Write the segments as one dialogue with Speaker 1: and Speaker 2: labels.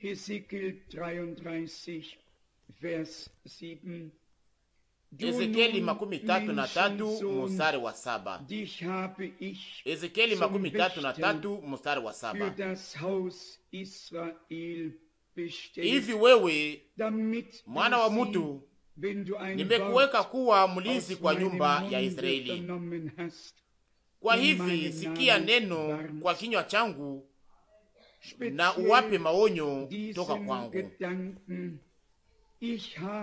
Speaker 1: Ezekiel 33 vers 7 Ezekieli makumi tatu na tatu mstari wa
Speaker 2: saba. Ezekieli makumi tatu na tatu mstari wa saba.
Speaker 1: Hivi wewe mwana er wa mutu,
Speaker 2: nimekuweka kuwa mlinzi kwa nyumba ya Israeli. Kwa hivi sikia neno kwa kinywa changu na uwape maonyo toka kwangu.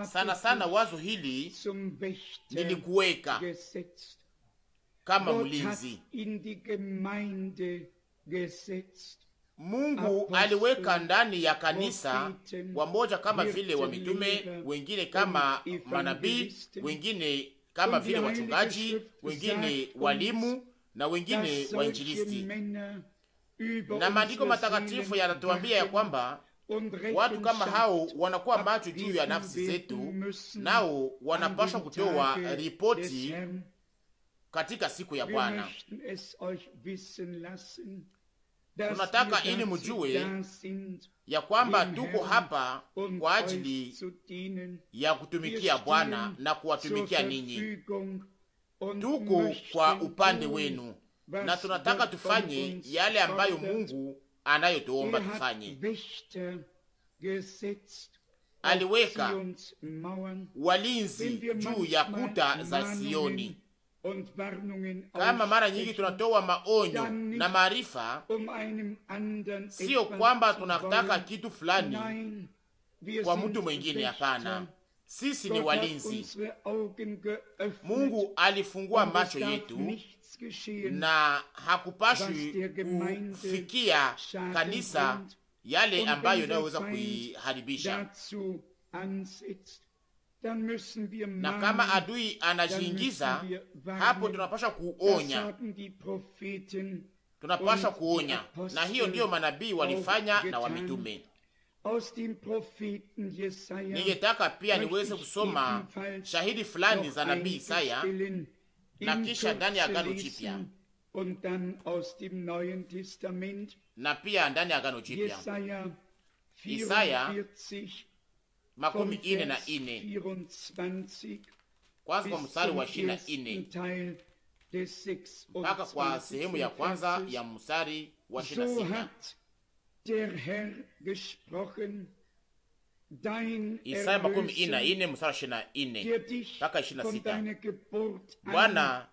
Speaker 2: Sana sana wazo hili nilikuweka kama mlinzi.
Speaker 1: Mungu
Speaker 2: aliweka ndani ya kanisa wamoja kama vile wa mitume, wengine kama manabii, wengine kama vile wachungaji, wengine walimu na wengine wainjilisti
Speaker 1: na maandiko matakatifu yanatuambia ya
Speaker 2: kwamba watu kama hao wanakuwa macho juu ya nafsi zetu, nao wanapaswa kutoa ripoti katika siku ya Bwana. Tunataka ili mjue
Speaker 1: ya kwamba tuko hapa kwa ajili ya kutumikia Bwana na kuwatumikia ninyi, tuko
Speaker 2: kwa upande wenu na tunataka tufanye yale ambayo Mungu anayotuomba tufanye.
Speaker 1: Uh, Aliweka walinzi juu ya kuta za Sioni. Kama mara nyingi tunatoa
Speaker 2: maonyo na maarifa,
Speaker 1: um sio kwamba
Speaker 2: tunataka kitu fulani kwa mtu mwingine. Hapana, uh, sisi ni walinzi. Mungu alifungua macho yetu na hakupashwi kufikia kanisa yale ambayo inayoweza kuiharibisha.
Speaker 1: Na kama adui anajiingiza hapo, tunapasha kuonya, tunapasha kuonya, na hiyo ndiyo manabii walifanya na wamitume. Ningetaka pia niweze kusoma
Speaker 2: shahidi fulani za nabii Isaya na kisha ndani ya Agano Jipya na pia ndani ya Agano Jipya
Speaker 1: Isaya makumi ine na ine kwanza kwa mstari wa ishirini na ine mpaka kwa sehemu ya kwanza ya
Speaker 2: mstari wa ishirini na
Speaker 1: sita Isaya makumi ina ine
Speaker 2: msara ishirini na ine mpaka ishirini na sita.
Speaker 1: Bwana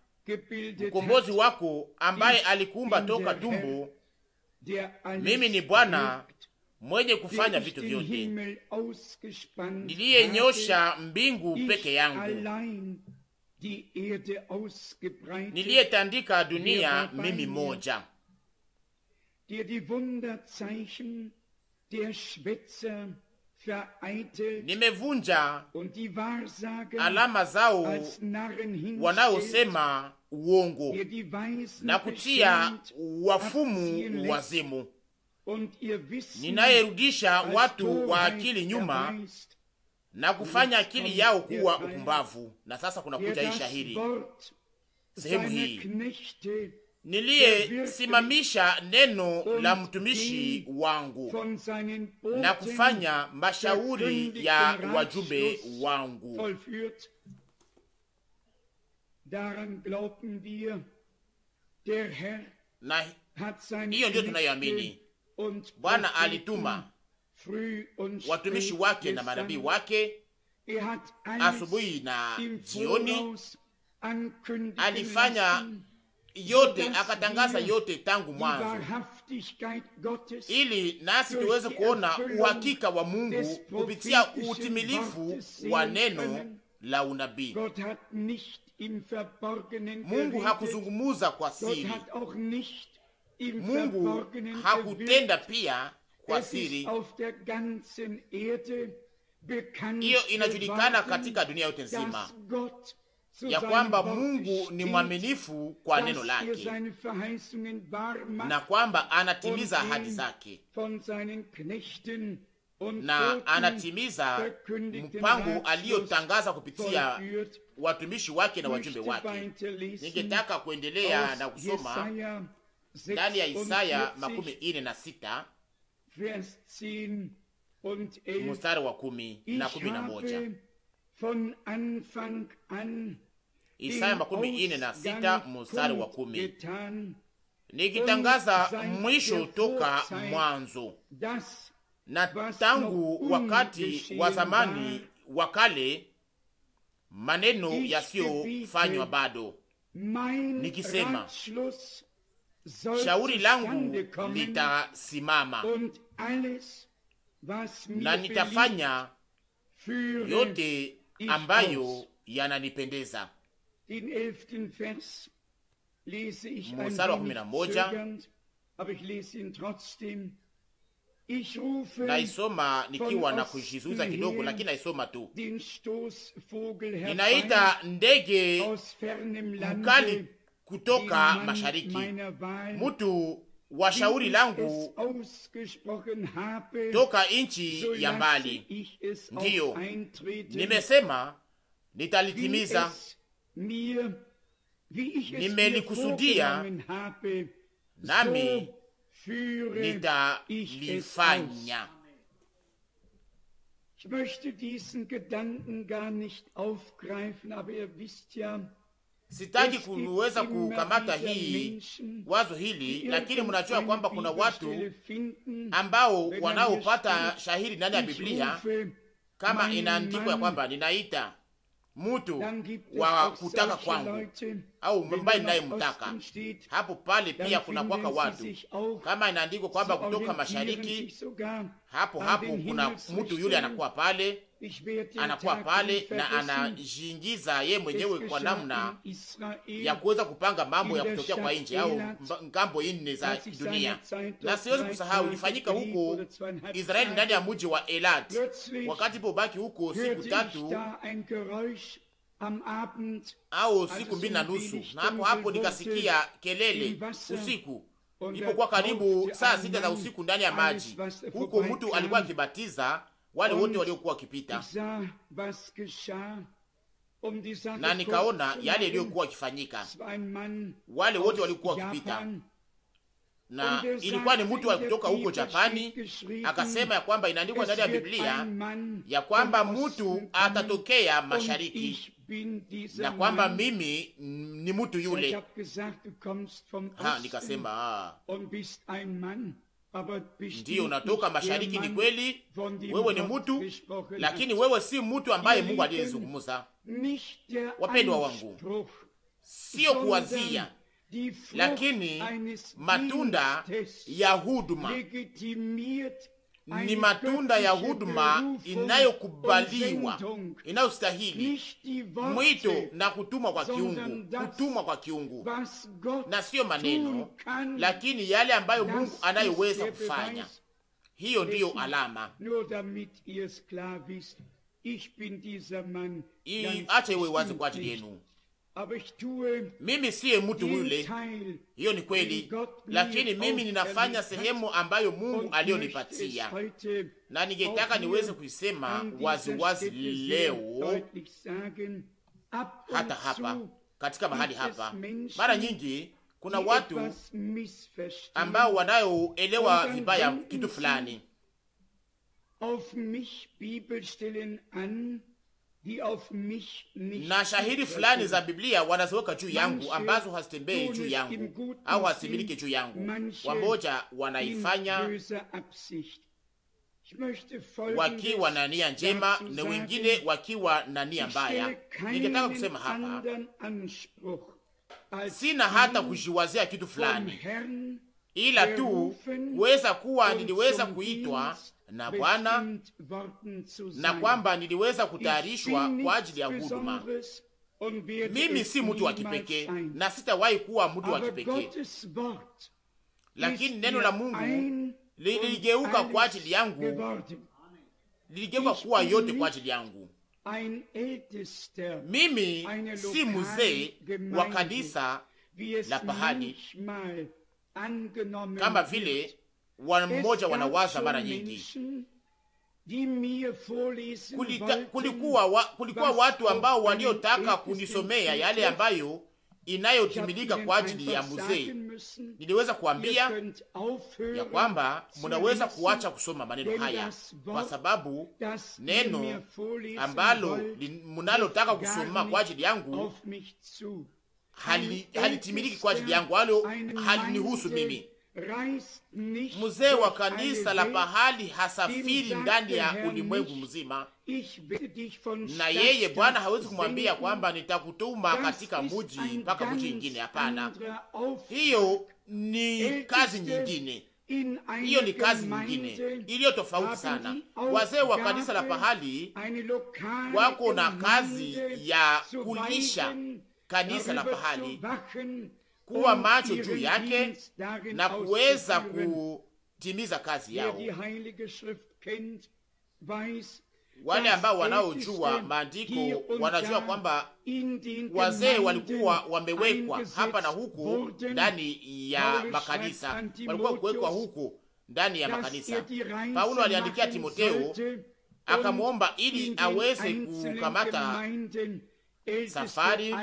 Speaker 1: mkombozi
Speaker 2: wako ambaye alikuumba toka tumbo, mimi ni Bwana mwenye kufanya vitu vyote,
Speaker 1: niliyenyosha mbingu peke yangu, niliyetandika dunia mimi moja, nimevunja alama zao wanaosema
Speaker 2: uongo na kutia wafumu wazimu,
Speaker 1: ninayerudisha
Speaker 2: watu wa akili nyuma na kufanya akili yao kuwa upumbavu. Na sasa kunakuja ishahiri sehemu hii niliyesimamisha neno la mtumishi wangu
Speaker 1: na kufanya mashauri ya wajumbe
Speaker 2: wangu.
Speaker 1: Na hiyo ndiyo tunayoamini. Bwana alituma
Speaker 2: watumishi wake na manabii wake er asubuhi
Speaker 1: na jioni, alifanya yote akatangaza yote tangu mwanzo, ili nasi tuweze kuona uhakika wa Mungu kupitia utimilifu wa neno
Speaker 2: la unabii. Mungu hakuzungumuza kwa siri,
Speaker 1: Mungu hakutenda pia kwa siri. Hiyo inajulikana katika dunia yote nzima ya kwamba Mungu ni mwaminifu kwa neno lake na kwamba anatimiza ahadi zake na anatimiza mpango aliyotangaza kupitia
Speaker 2: watumishi wake na wajumbe wake. Ningetaka kuendelea na kusoma
Speaker 1: ndani ya Isaya makumi
Speaker 2: ine na sita
Speaker 1: mstari wa kumi na kumi na moja. Von Anfang an Isaya makumi ine na sita mstari wa kumi
Speaker 2: nikitangaza mwisho toka mwanzo na tangu wakati wa zamani wa kale, maneno yasiyofanywa bado,
Speaker 1: nikisema shauri langu
Speaker 2: litasimama
Speaker 1: na nitafanya
Speaker 2: yote ambayo yananipendeza
Speaker 1: mstari wa kumi na moja naisoma nikiwa na kujizuiza kidogo, lakini naisoma tu. Ninaita
Speaker 2: ndege mkali kutoka mashariki, mutu wa shauri langu
Speaker 1: toka nchi ya mbali. Ndiyo nimesema
Speaker 2: nitalitimiza
Speaker 1: nimelikusudia nami nitalifanya. Ich möchte diesen Gedanken gar nicht aufgreifen, aber ihr wisst sitaki kuweza kukamata hii
Speaker 2: wazo hili, lakini mnajua kwamba kuna watu ambao er wanaopata shahiri ndani ya Biblia, kama inaandikwa ya kwamba ninaita mutu wa kutaka kwangu au ambaye ninayemtaka. Hapo pale pia kuna kwaka watu oh, kama inaandikwa kwamba kutoka mashariki, hapo hapo kuna mtu yule anakuwa pale, anakuwa pale na
Speaker 1: anajiingiza
Speaker 2: ye mwenyewe kwa namna ya kuweza kupanga mambo ya kutokea kwa nje au ngambo nne za dunia. Na siwezi kusahau ilifanyika huko Israeli ndani ya mji wa Elat, wakati ipo baki huko siku tatu au siku mbili na nusu, na hapo hapo nikasikia kelele usiku er ipokuwa karibu saa sita za usiku ndani ya maji er huko, mtu alikuwa akibatiza wale wote waliokuwa wakipita,
Speaker 1: um na nikaona yale yaliyokuwa
Speaker 2: akifanyika.
Speaker 1: Wale wote waliokuwa wakipita, na er ilikuwa
Speaker 2: ni mtu kutoka huko Japani, akasema ya kwamba inaandikwa ndani ya Biblia ya kwamba mtu atatokea mashariki
Speaker 1: na kwamba mimi ni mtu yule. Ha, nikasema ah. ndiyo, unatoka mashariki, ni kweli, wewe ni mtu, lakini wewe si
Speaker 2: mtu ambaye Mungu aliyezungumza.
Speaker 1: Wapendwa wangu,
Speaker 2: sio kuwazia
Speaker 1: lakini matunda
Speaker 2: ya huduma ni matunda ya huduma inayokubaliwa inayostahili
Speaker 1: mwito
Speaker 2: na kutumwa kwa kiungu, kutumwa kwa kiungu, na siyo maneno, lakini yale ambayo Mungu anayoweza kufanya. Hiyo ndiyo alama.
Speaker 1: Acha iwe wazi kwa ajili
Speaker 2: yenu. Mimi siye mtu yule, hiyo ni kweli, lakini mimi ninafanya sehemu ambayo Mungu aliyonipatia, na ningetaka niweze kuisema waziwazi leo hata hapa katika mahali hapa. Mara nyingi kuna watu ambao wanayoelewa vibaya kitu fulani
Speaker 1: na shahidi fulani za
Speaker 2: Biblia wanazoweka juu yangu ambazo hazitembei juu yangu au hazisimiliki juu yangu. Wamoja wanaifanya wakiwa na nia njema na wengine wakiwa na nia mbaya. Ningetaka kusema hapa, sina hata kujiwazia kitu fulani, ila tu kuweza kuwa niliweza kuitwa na Bwana na kwamba niliweza kutayarishwa kwa ajili ya huduma. Mimi si mtu wa kipekee na sitawahi kuwa mtu wa kipekee,
Speaker 1: lakini neno la Mungu
Speaker 2: liligeuka kwa ajili yangu, liligeuka kuwa yote kwa ajili yangu. Mimi
Speaker 1: si mzee wa kanisa
Speaker 2: la pahali kama vile wa mmoja wanawaza mara nyingi.
Speaker 1: Kulika, kulikuwa, wa, kulikuwa watu ambao
Speaker 2: waliotaka kunisomea yale ambayo inayotimilika kwa ajili ya mzee. Niliweza kuambia ya kwamba munaweza kuacha kusoma maneno haya, kwa sababu neno ambalo munalotaka kusoma kwa ajili yangu halitimiliki hali kwa ajili yangu, halo halinihusu mimi mzee wa kanisa la pahali hasafiri ndani ya ulimwengu mzima, na yeye Bwana hawezi kumwambia kwamba nitakutuma katika muji mpaka muji ingine. Hapana, hiyo ni kazi nyingine,
Speaker 1: hiyo ni kazi nyingine
Speaker 2: iliyo tofauti sana. Wazee wa kanisa la pahali wako na kazi ya kulisha kanisa la pahali
Speaker 1: kuwa macho juu yake na kuweza
Speaker 2: kutimiza kazi yao.
Speaker 1: Wale ambao wanaojua maandiko wanajua kwamba wazee walikuwa
Speaker 2: wamewekwa hapa na huku ndani ya makanisa, walikuwa kuwekwa huku ndani ya makanisa.
Speaker 1: Paulo aliandikia timoteo akamwomba ili aweze kukamata safari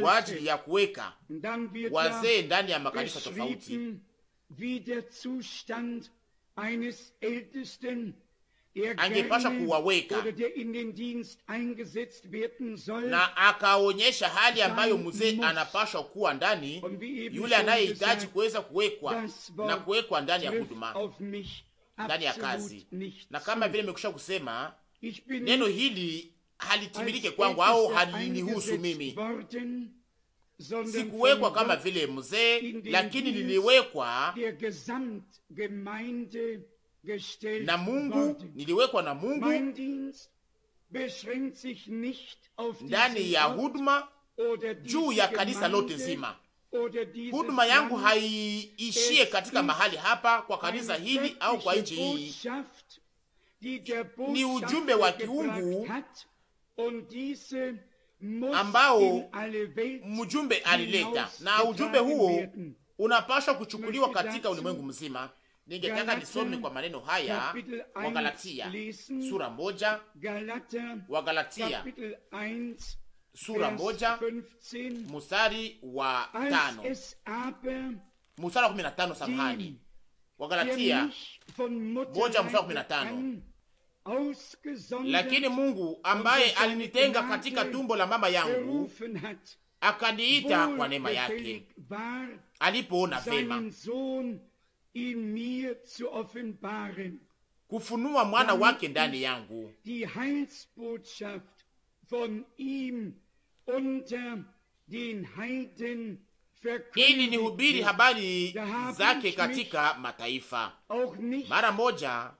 Speaker 1: kwa ajili ya kuweka wazee ndani ya makanisa tofauti angepasha kuwaweka na
Speaker 2: akaonyesha hali ambayo mzee anapashwa kuwa ndani, yule anayehitaji kuweza kuwekwa na kuwekwa ndani ya huduma,
Speaker 1: ndani ya kazi.
Speaker 2: Na kama vile imekusha kusema neno hili halitimilike kwangu au halinihusu mimi.
Speaker 1: Sikuwekwa kama vile mzee, lakini niliwekwa na Mungu, niliwekwa na Mungu ndani ya huduma juu ya kanisa lote zima. Huduma yangu
Speaker 2: haiishie katika mahali hapa kwa kanisa hili au kwa nchi hii,
Speaker 1: ni ujumbe wa kiungu ambao mjumbe alileta, na ujumbe huo
Speaker 2: unapaswa kuchukuliwa katika ulimwengu mzima. Ningetaka nisome kwa maneno haya
Speaker 1: Wagalatia
Speaker 2: sura moja, Wagalatia sura moja mstari wa tano mstari wa kumi na tano samahani, Wagalatia
Speaker 1: moja mstari wa kumi na tano lakini Mungu
Speaker 2: ambaye alinitenga katika tumbo la mama yangu
Speaker 1: akaniita kwa neema yake,
Speaker 2: alipoona vema
Speaker 1: kufunua mwana wake ndani yangu, ili nihubiri habari zake katika
Speaker 2: mataifa. Mara moja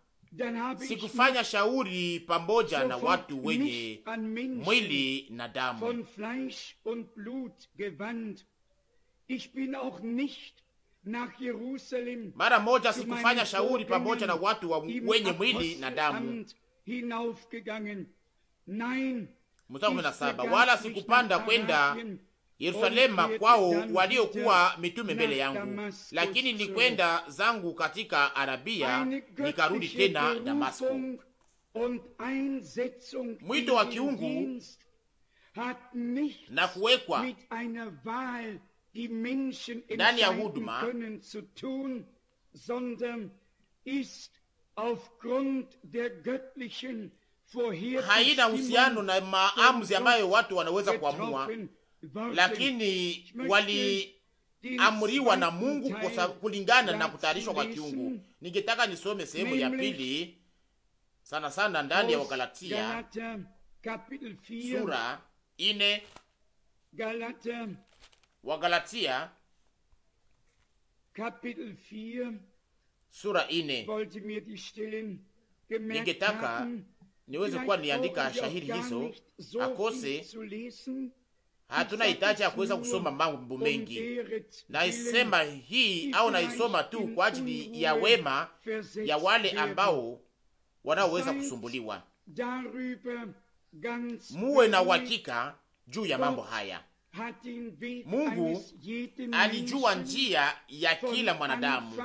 Speaker 1: sikufanya
Speaker 2: shauri pamoja na watu wenye
Speaker 1: mwili na damu. Mara moja sikufanya shauri pamoja na watu wa wenye mwili na damu. Mstari kumi na saba, wala sikupanda kwenda Yerusalema kwao waliokuwa mitume mbele yangu,
Speaker 2: lakini nilikwenda zangu katika Arabia, nikarudi tena Damasko.
Speaker 1: Mwito wa kiungu na kuwekwa ndani ya huduma haina uhusiano na maamuzi ambayo
Speaker 2: watu wanaweza kuamua, lakini waliamriwa na Mungu kulingana na kutayarishwa kwa kiungu. Ningetaka nisome sehemu ya pili sana sana ndani ya Wagalatia sura ine Wagalatia
Speaker 1: sura ine. Ningetaka
Speaker 2: niweze kuwa niandika shahiri hizo akose hatuna hitaji ya kuweza kusoma mambo mengi.
Speaker 1: Naisema
Speaker 2: hii au naisoma tu kwa ajili ya wema ya wale ambao wanaoweza kusumbuliwa. Muwe na uhakika juu ya mambo haya.
Speaker 1: Mungu alijua njia
Speaker 2: ya kila mwanadamu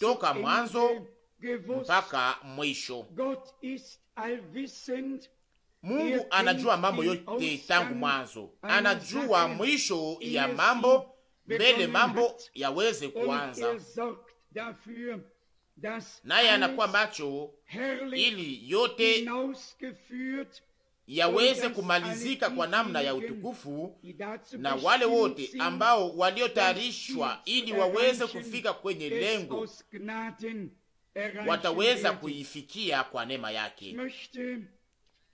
Speaker 2: toka mwanzo mpaka mwisho. Mungu anajua mambo yote tangu mwanzo, anajua mwisho ya mambo mbele mambo yaweze kuanza,
Speaker 1: naye anakuwa
Speaker 2: macho ili yote yaweze kumalizika kwa namna ya utukufu,
Speaker 1: na wale wote ambao
Speaker 2: waliotayarishwa ili waweze kufika kwenye lengo
Speaker 1: wataweza
Speaker 2: kuifikia kwa neema yake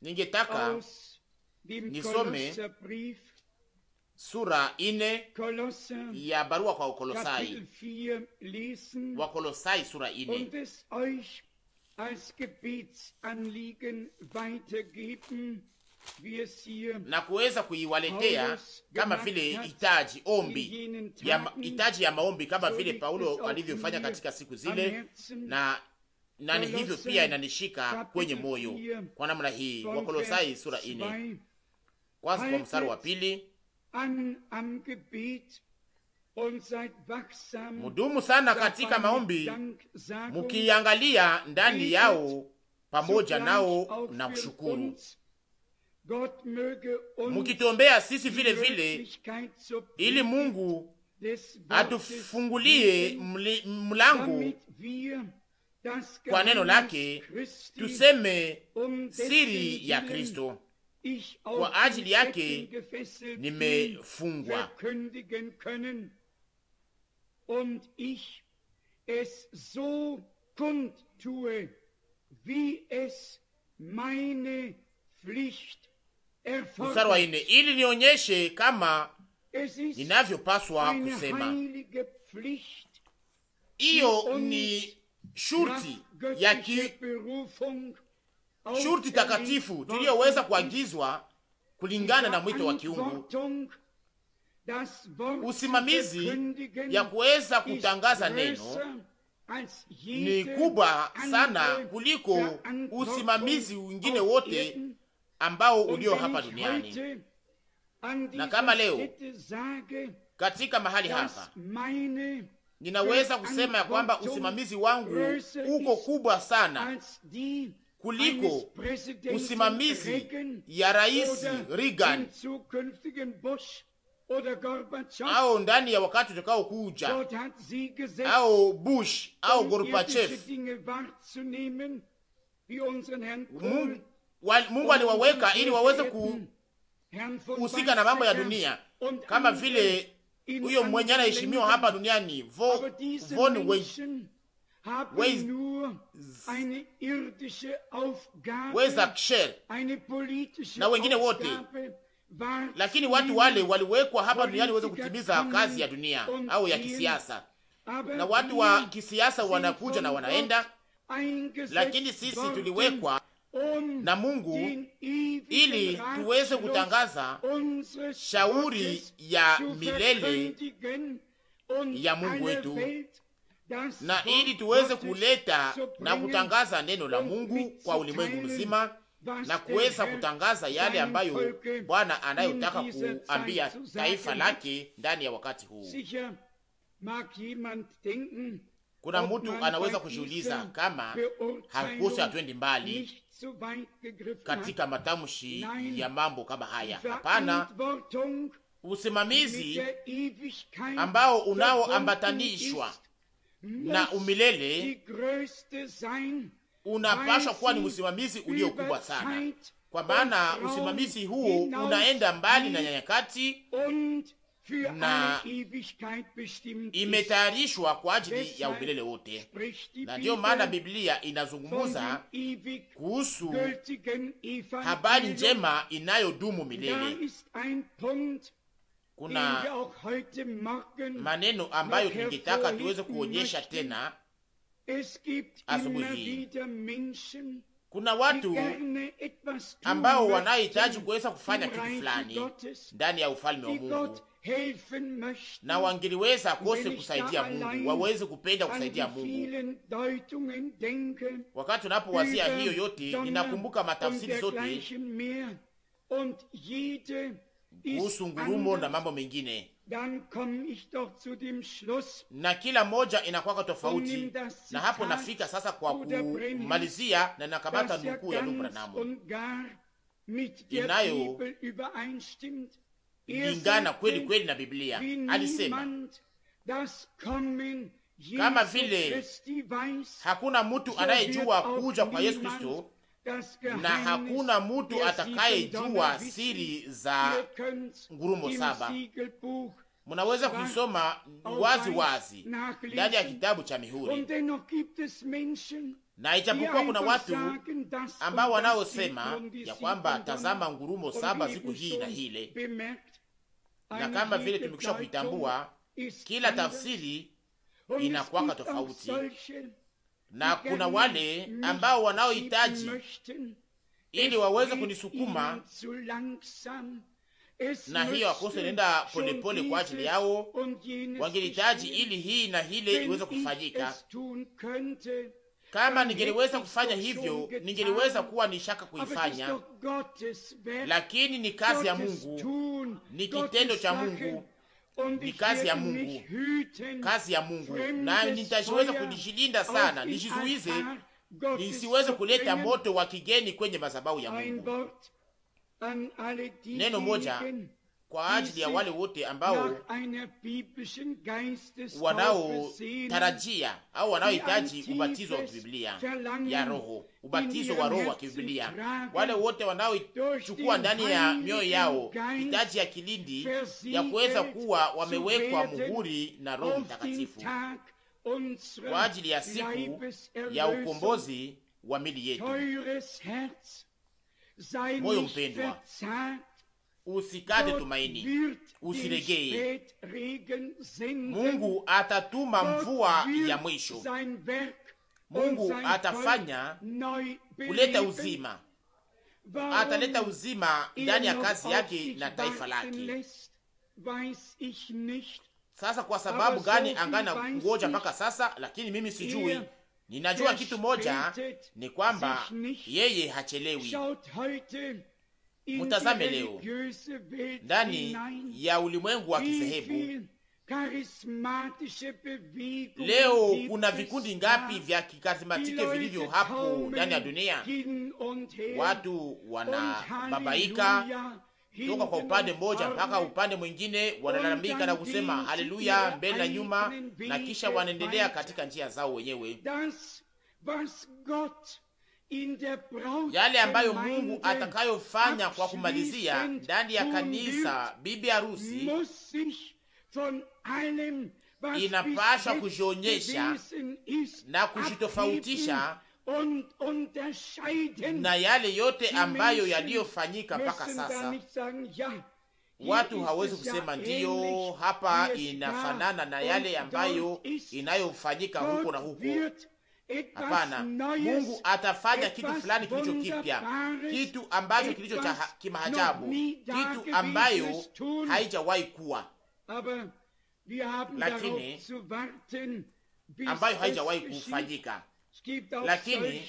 Speaker 2: ningetaka nisome sura ine ya barua kwa Wakolosai, Wakolosai sura ine na kuweza kuiwaletea kama vile itaji ombi ya, ya maombi kama vile Paulo alivyofanya katika siku zile na na ni hivyo pia inanishika kwenye moyo kwa namna hii. Wakolosai sura ine kwanza kwa mstari wa pili
Speaker 1: mudumu sana katika maombi
Speaker 2: mukiangalia ndani yao pamoja nao na kushukuru,
Speaker 1: mukitombea sisi vile vile, ili
Speaker 2: Mungu
Speaker 1: atufungulie
Speaker 2: mlango kwa neno lake tuseme
Speaker 1: siri ya Kristo. Kwa ajili yake nimefungwa mstari wa
Speaker 2: ili nionyeshe kama ninavyopaswa kusema.
Speaker 1: Hiyo ni
Speaker 2: shurti ya ki, e shurti takatifu tuliyoweza kuagizwa kulingana na mwito wa kiungu, usimamizi
Speaker 1: ya kuweza kutangaza neno ni kubwa sana
Speaker 2: kuliko usimamizi wengine wote ambao ulio hapa duniani.
Speaker 1: Na kama leo
Speaker 2: katika mahali hapa ninaweza kusema ya kwamba usimamizi wangu uko kubwa sana
Speaker 1: kuliko usimamizi ya rais Reagan au ndani ya wakati utakao kuja au Bush au Gorbachev. Mungu, aliwaweka ili waweze kuhusika na mambo ya dunia kama vile huyo mwenye anaheshimiwa hapa
Speaker 2: duniani vo, von Weizsäcker
Speaker 1: na wengine wote, lakini watu wale
Speaker 2: waliwekwa hapa duniani waweze kutimiza kazi ya dunia au ya kisiasa,
Speaker 1: na watu wa
Speaker 2: kisiasa wanakuja na wanaenda, lakini sisi tuliwekwa na Mungu
Speaker 1: ili tuweze kutangaza shauri
Speaker 2: ya milele
Speaker 1: ya Mungu wetu
Speaker 2: na ili tuweze kuleta na kutangaza neno la Mungu kwa ulimwengu mzima na kuweza kutangaza yale ambayo Bwana anayotaka kuambia taifa lake ndani ya wakati huu.
Speaker 1: Kuna mtu anaweza kujiuliza kama hakusi, hatwendi mbali katika
Speaker 2: matamshi ya mambo kama
Speaker 1: haya. Hapana,
Speaker 2: usimamizi ambao unaoambatanishwa na umilele unapashwa kuwa ni usimamizi uliokubwa sana, kwa maana usimamizi huo unaenda mbali na nyakati na imetayarishwa kwa ajili ya umilele
Speaker 1: wote, na ndiyo maana
Speaker 2: Biblia inazungumuza
Speaker 1: kuhusu habari njema
Speaker 2: inayodumu milele.
Speaker 1: Kuna maneno ambayo tungetaka tuweze kuonyesha tena asubuhi hii.
Speaker 2: Kuna watu ambao wanahitaji kuweza kufanya kitu fulani ndani ya ufalme wa Mungu na wangeliweza kose kusaidia Mungu, waweze kupenda kusaidia Mungu.
Speaker 1: Wakati unapowazia hiyo yote, ninakumbuka matafsiri zote kuhusu ngurumo na mambo mengine,
Speaker 2: na kila moja inakwaka tofauti, na hapo nafika sasa kwa kumalizia, na nakamata nukuu ya Ndugu namo
Speaker 1: inayo lingana kweli kweli na Biblia. Alisema kama vile hakuna mtu anayejua kuja kwa Yesu Kristo na
Speaker 2: hakuna mtu atakayejua siri za ngurumo saba. Munaweza kuisoma wazi wazi
Speaker 1: ndani ya kitabu cha mihuri. Na ijapokuwa kuna watu ambao wanaosema ya kwamba tazama,
Speaker 2: ngurumo saba ziko hii na hile, na kama vile tumekwisha kuitambua, kila tafsiri inakwaka tofauti, na kuna wale ambao wanaohitaji
Speaker 1: ili waweze
Speaker 2: kunisukuma
Speaker 1: na hiyo akose nenda polepole kwa ajili
Speaker 2: yao, wangelihitaji ili hii na hile iweze kufanyika,
Speaker 1: kama ningeliweza kufanya hivyo, ningeliweza
Speaker 2: kuwa ni shaka kuifanya, lakini ni kazi ya Mungu,
Speaker 1: ni kitendo cha Mungu,
Speaker 2: ni kazi ya Mungu, kazi ya Mungu, na nitaweza kujilinda sana, nijizuize
Speaker 1: nisiweze kuleta moto
Speaker 2: wa kigeni kwenye madhabahu ya Mungu.
Speaker 1: Neno moja
Speaker 2: kwa ajili ya wale wote ambao
Speaker 1: wanaotarajia
Speaker 2: au wanaohitaji ubatizo wa kibiblia ya Roho, ubatizo wa Roho wa kibiblia, wale wote wanaochukua ndani ya mioyo yao hitaji ya kilindi ya kuweza kuwa wamewekwa muhuri na Roho Mtakatifu
Speaker 1: kwa ajili ya siku ya ukombozi wa mili yetu. Moyo mpendwa usikate tumaini, usiregee. Mungu
Speaker 2: atatuma mvua ya mwisho.
Speaker 1: Mungu atafanya kuleta uzima, ataleta uzima ndani ya er kazi yake na taifa lake. Sasa kwa sababu gani angana ngoja mpaka
Speaker 2: sasa? Lakini mimi sijui. Er Ninajua kitu moja ni kwamba yeye hachelewi mutazame leo
Speaker 1: ndani ya
Speaker 2: ulimwengu wa kisehebu
Speaker 1: leo,
Speaker 2: kuna vikundi ngapi vya kikarismatike vilivyo hapo ndani ya dunia? Watu wanababaika toka kwa upande mmoja mpaka upande mwingine, wanalalamika na kusema haleluya, mbele na nyuma, na kisha wanaendelea katika njia zao wenyewe
Speaker 1: yale ambayo Mungu
Speaker 2: atakayofanya kwa kumalizia ndani ya kanisa. Bibi harusi inapasha kujionyesha na kujitofautisha
Speaker 1: na yale yote ambayo
Speaker 2: yaliyofanyika mpaka sasa.
Speaker 1: Watu hawezi kusema ndiyo, hapa inafanana na yale ambayo
Speaker 2: inayofanyika huko na huko
Speaker 1: Hapana, Mungu
Speaker 2: atafanya kitu fulani kilicho kipya, kitu ambacho kilicho cha kimaajabu, kitu ambayo haijawahi kuwa,
Speaker 1: lakini ambayo haijawahi kufanyika, lakini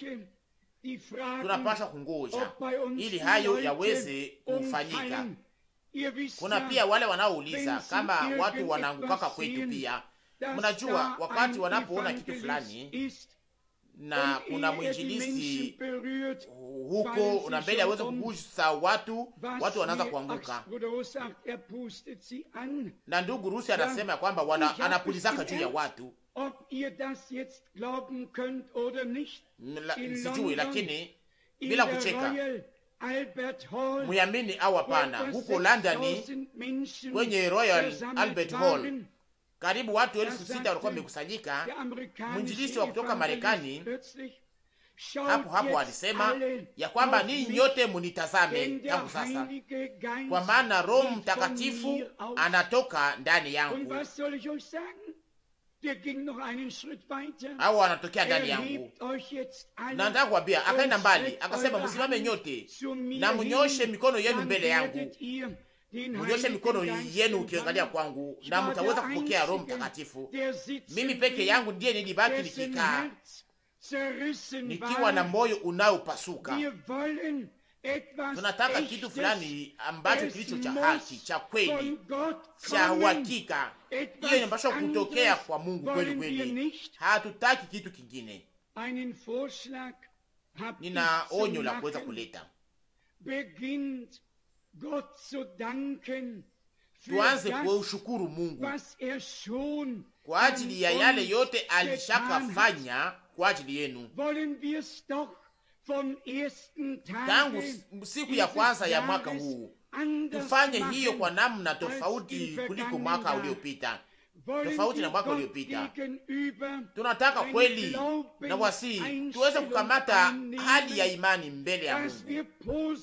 Speaker 1: tunapasha kungoja ili hayo yaweze kufanyika. Kuna pia wale wanaouliza kama watu wanaangukaka kwetu, pia mnajua wakati wanapoona kitu fulani
Speaker 2: na kuna mwinjilisi
Speaker 1: huko na mbele aweze kugusa
Speaker 2: watu, watu wanaanza kuanguka.
Speaker 1: Na ndugu Rusi anasema ya kwamba wana, anapulizaka juu ya watu sijui, lakini bila kucheka muyamini
Speaker 2: au hapana, huko London
Speaker 1: kwenye Royal Albert Hall
Speaker 2: karibu watu elfu sita walikuwa wamekusanyika. Mwinjilisi wa kutoka Marekani hapo hapo alisema ya kwamba ninyi nyote munitazame tangu sasa, kwa maana Roho Mtakatifu anatoka ndani yangu
Speaker 1: au anatokea ndani er yangu. Na nataka
Speaker 2: kuambia, er akaenda mbali akasema, msimame nyote na mnyoshe mikono yenu mbele yangu
Speaker 1: mnyoshe mikono yenu ukiangalia
Speaker 2: kwangu na mtaweza kupokea Roho Mtakatifu. Mimi peke yangu ndiye nilibaki nikikaa nikiwa na moyo unaopasuka. Tunataka kitu fulani ambacho kilicho cha haki, cha kweli, cha uhakika. Hiyo inapaswa kutokea kwa Mungu kweli kweli, hatutaki kitu kingine.
Speaker 1: Nina onyo la kuweza kuleta tuanze kuushukuru Mungu er
Speaker 2: kwa ajili ya yale yote alishakafanya
Speaker 1: kwa ajili yenu
Speaker 2: tangu siku ya kwanza ya mwaka huu.
Speaker 1: Tufanye hiyo kwa
Speaker 2: namna tofauti kuliko mwaka uliopita tofauti na mwaka uliopita.
Speaker 1: Tunataka kweli na wasi tuweze
Speaker 2: kukamata hali ya imani mbele ya
Speaker 1: Mungu,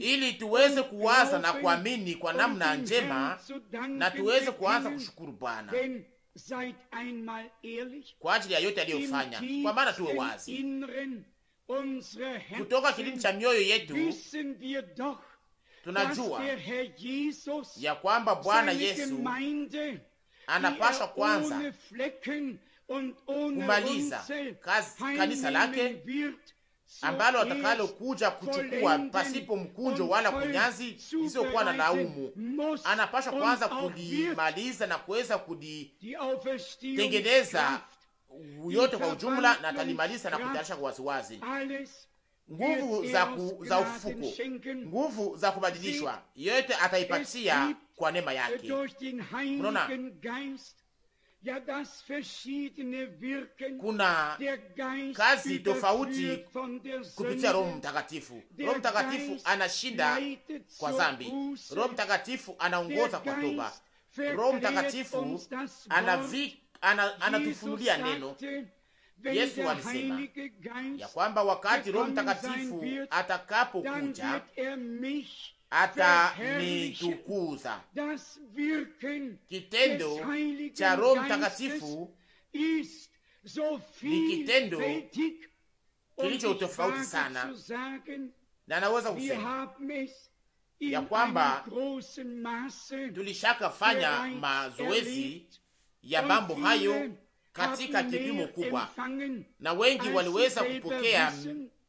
Speaker 1: ili tuweze kuwaza na kuamini kwa namna njema, na tuweze kuanza kushukuru Bwana kwa ajili ya yote aliyofanya, kwa maana tuwe wazi kutoka kilindi cha mioyo yetu tunajua ya kwamba Bwana Yesu anapashwa kwanza kumaliza kanisa lake ambalo er atakalokuja kuchukua pasipo mkunjo wala kunyanzi isiyokuwa na laumu.
Speaker 2: Anapashwa kwanza kulimaliza na kuweza kulitengeneza yote kwa ujumla, na atalimaliza na kutayarisha kwa waziwazi nguvu za, ku, za ufuku nguvu za kubadilishwa, yote ataipatia kwa neema yake.
Speaker 1: Unaona, kuna kazi tofauti kupitia Roho
Speaker 2: Mtakatifu. Roho Mtakatifu
Speaker 1: anashinda
Speaker 2: kwa zambi, Roho Mtakatifu anaongoza kwa toba, Roho Mtakatifu
Speaker 1: anatufunulia neno
Speaker 2: Yesu alisema ya kwamba wakati Roho Mtakatifu atakapokuja atanitukuza. Kitendo cha Roho
Speaker 1: Mtakatifu ni kitendo um kilicho tofauti sana, na naweza kusema
Speaker 2: ya kwamba
Speaker 1: tulishakafanya mazoezi
Speaker 2: ya mambo hayo katika kipimo kubwa,
Speaker 1: na wengi waliweza
Speaker 2: kupokea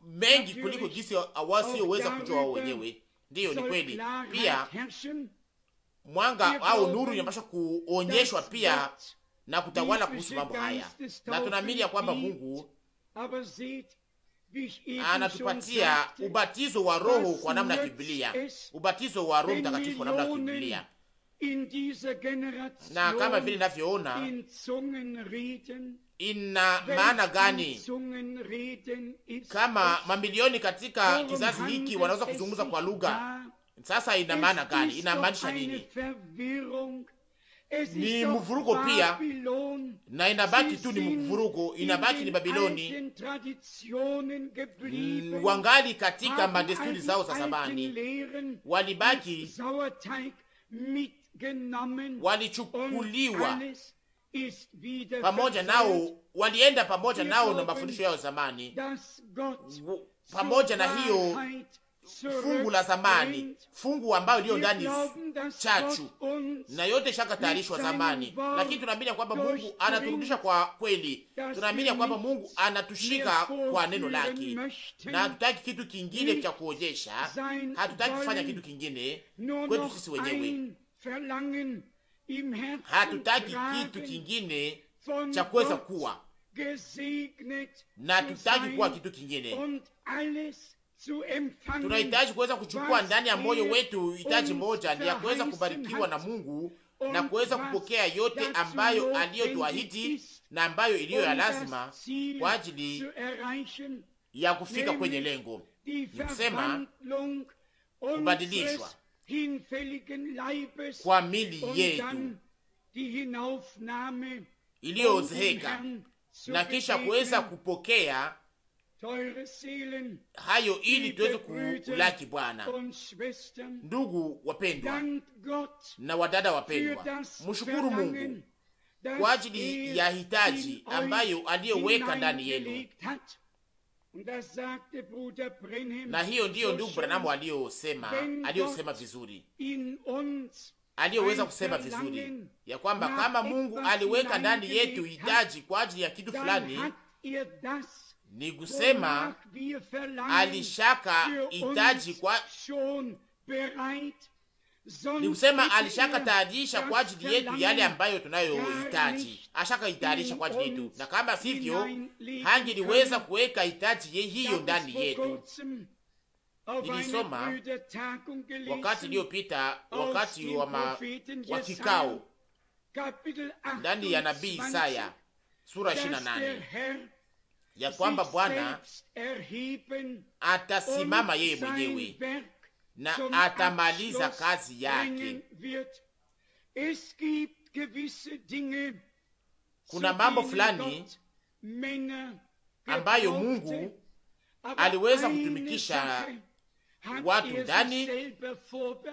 Speaker 2: mengi kuliko jinsi wasiyoweza kujua wao wenyewe. Ndiyo, ni kweli. Pia mwanga au nuru inapaswa kuonyeshwa pia na kutawala kuhusu mambo haya, na tunaamini ya kwamba Mungu
Speaker 1: anatupatia ubatizo wa Roho kwa namna ya
Speaker 2: Biblia, ubatizo wa Roho Mtakatifu kwa namna ya Biblia
Speaker 1: na kama vile
Speaker 2: navyoona
Speaker 1: ina maana gani
Speaker 2: kama mamilioni katika kizazi hiki wanaweza kuzungumza kwa lugha? Sasa ina maana gani? Inamaanisha nini?
Speaker 1: Ni mvurugo pia,
Speaker 2: na inabaki tu ni mvurugo, inabaki ni Babiloni.
Speaker 1: Mm, wangali katika madesturi zao za zamani, walibaki walichukuliwa pamoja nao, walienda pamoja nao na mafundisho yao
Speaker 2: zamani, pamoja na hiyo fungu la zamani, fungu ambayo iliyo ndani chachu na yote shaka tayarishwa zamani, lakini tunaamini ya kwamba Mungu anaturudisha kwa kweli, tunaamini ya kwamba Mungu anatushika kwa neno lake, na hatutaki kitu kingine cha kuonyesha, hatutaki kufanya kitu kingine kwetu sisi wenyewe hatutaki kitu kingine cha kuweza kuwa na tutaki kuwa kitu kingine.
Speaker 1: Tunahitaji kuweza kuchukua ndani ya moyo er wetu hitaji moja ni ya kuweza kubarikiwa na
Speaker 2: Mungu na kuweza kupokea yote ambayo aliyotuahidi na ambayo iliyo ya um lazima kwa ajili
Speaker 1: ya kufika kwenye lengo,
Speaker 2: ni kusema
Speaker 1: kubadilishwa kwa mili yetu iliyozeeka na kisha kuweza
Speaker 2: kupokea
Speaker 1: hayo ili tuweze kulaki. Bwana,
Speaker 2: ndugu wapendwa na wadada wapendwa, mshukuru Mungu
Speaker 1: kwa ajili ya er
Speaker 2: hitaji ambayo aliyoweka ndani yenu
Speaker 1: na hiyo ndiyo ndugu Branamu aliyosema,
Speaker 2: aliyosema vizuri,
Speaker 1: aliyoweza kusema vizuri ya kwamba kama Mungu aliweka ndani yetu hitaji
Speaker 2: kwa ajili ya kitu fulani, ni kusema
Speaker 1: alishaka hitaji
Speaker 2: kwa ni kusema e alishakatayarisha kwa ajili yetu yale ambayo tunayohitaji, ashakatayarisha kwa ajili yetu, na kama sivyo hangeliweza kuweka hitaji hiyo ndani
Speaker 1: yetu. Mm, Nilisoma wakati iliyopita wakati wa, ma, wa kikao ndani ya nabii Isaya
Speaker 2: sura 28 ya kwamba Bwana atasimama yeye mwenyewe na atamaliza kazi yake.
Speaker 1: Kuna mambo fulani
Speaker 2: ambayo Mungu aliweza kutumikisha watu er ndani,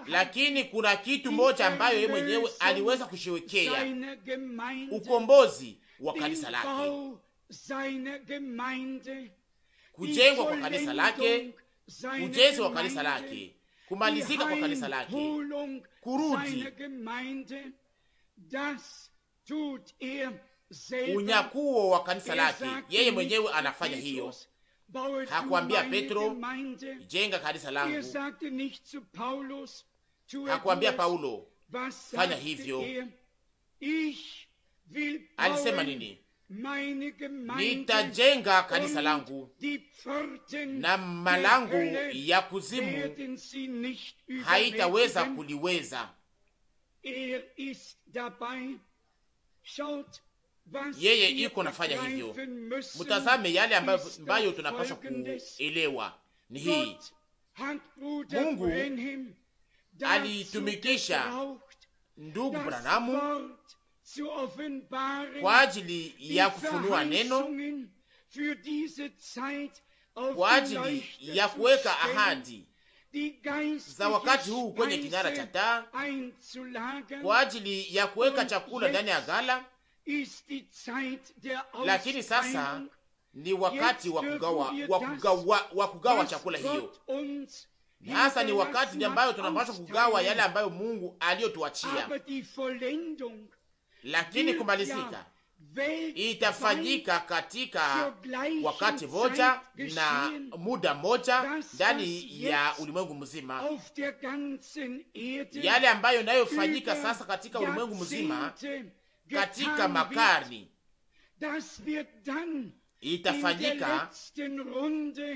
Speaker 2: lakini kuna kitu moja ambayo yeye mwenyewe aliweza kushiwekea:
Speaker 1: ukombozi
Speaker 2: wa kanisa lake,
Speaker 1: kujengwa kwa kanisa lake, ujenzi wa kanisa lake kumalizika kwa kanisa lake, kurudi unyakuo
Speaker 2: wa kanisa lake. Yeye mwenyewe anafanya hiyo.
Speaker 1: Hakuambia Petro, jenga
Speaker 2: kanisa langu.
Speaker 1: Hakuambia Paulo, fanya hivyo. Alisema nini? nitajenga kanisa langu na malango ya kuzimu haitaweza
Speaker 2: kuliweza.
Speaker 1: Er, yeye iko nafanya hivyo. Mtazame
Speaker 2: yale ambayo tunapaswa kuelewa ni hii: Mungu alitumikisha
Speaker 1: ndugu Branamu kwa ajili ya kufunua neno, kwa ajili ya kuweka ahadi za wakati huu
Speaker 2: kwenye kinara cha taa, kwa ajili ya kuweka chakula ndani ya ghala.
Speaker 1: Lakini sasa
Speaker 2: ni wakati wa kugawa, wa kugawa, wa kugawa chakula hiyo.
Speaker 1: Sasa ni wakati ambayo tunapaswa kugawa yale
Speaker 2: ambayo Mungu aliyotuachia lakini kumalizika itafanyika katika wakati moja na muda moja ndani ya ulimwengu mzima.
Speaker 1: Yale ambayo inayofanyika sasa katika ulimwengu mzima katika makarni itafanyika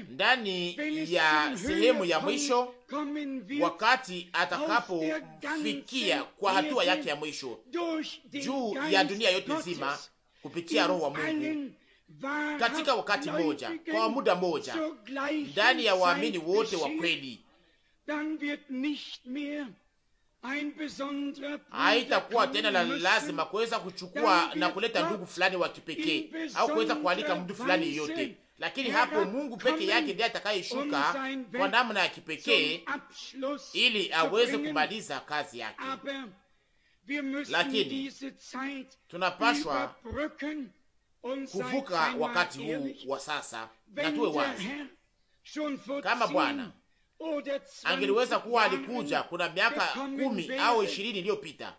Speaker 1: ndani ya sehemu ya mwisho, wakati
Speaker 2: atakapofikia kwa hatua yake ya mwisho
Speaker 1: juu ya dunia
Speaker 2: yote nzima kupitia Roho wa Mungu katika wakati moja kwa muda moja
Speaker 1: ndani ya waamini wote wa kweli haitakuwa tena la lazima
Speaker 2: kuweza kuchukua na kuleta ndugu fulani wa kipekee au kuweza kualika mtu fulani yeyote, lakini hapo Mungu peke yake ndiye atakayeshuka kwa namna ya kipekee ili aweze kumaliza kazi yake. Lakini tunapashwa
Speaker 1: kuvuka wakati
Speaker 2: huu wa sasa, na tuwe wazi kama Bwana angeliweza kuwa alikuja kuna miaka kumi au ishirini iliyopita.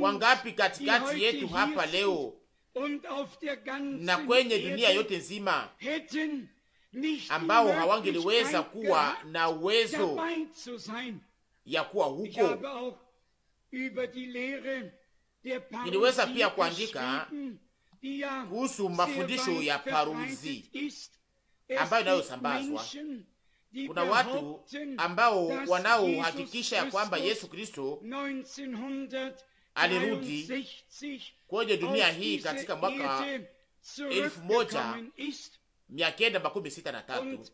Speaker 1: Wangapi katikati yetu hapa leo na kwenye dunia yote nzima ambao hawangeliweza kuwa na uwezo ya kuwa huko. Niliweza pia kuandika
Speaker 2: kuhusu mafundisho ya Paruzi
Speaker 1: ambayo inayosambazwa. Kuna watu ambao wanaohakikisha ya kwamba Yesu Kristo alirudi kwenye dunia hii katika mwaka elfu moja
Speaker 2: mia kenda makumi sita na tatu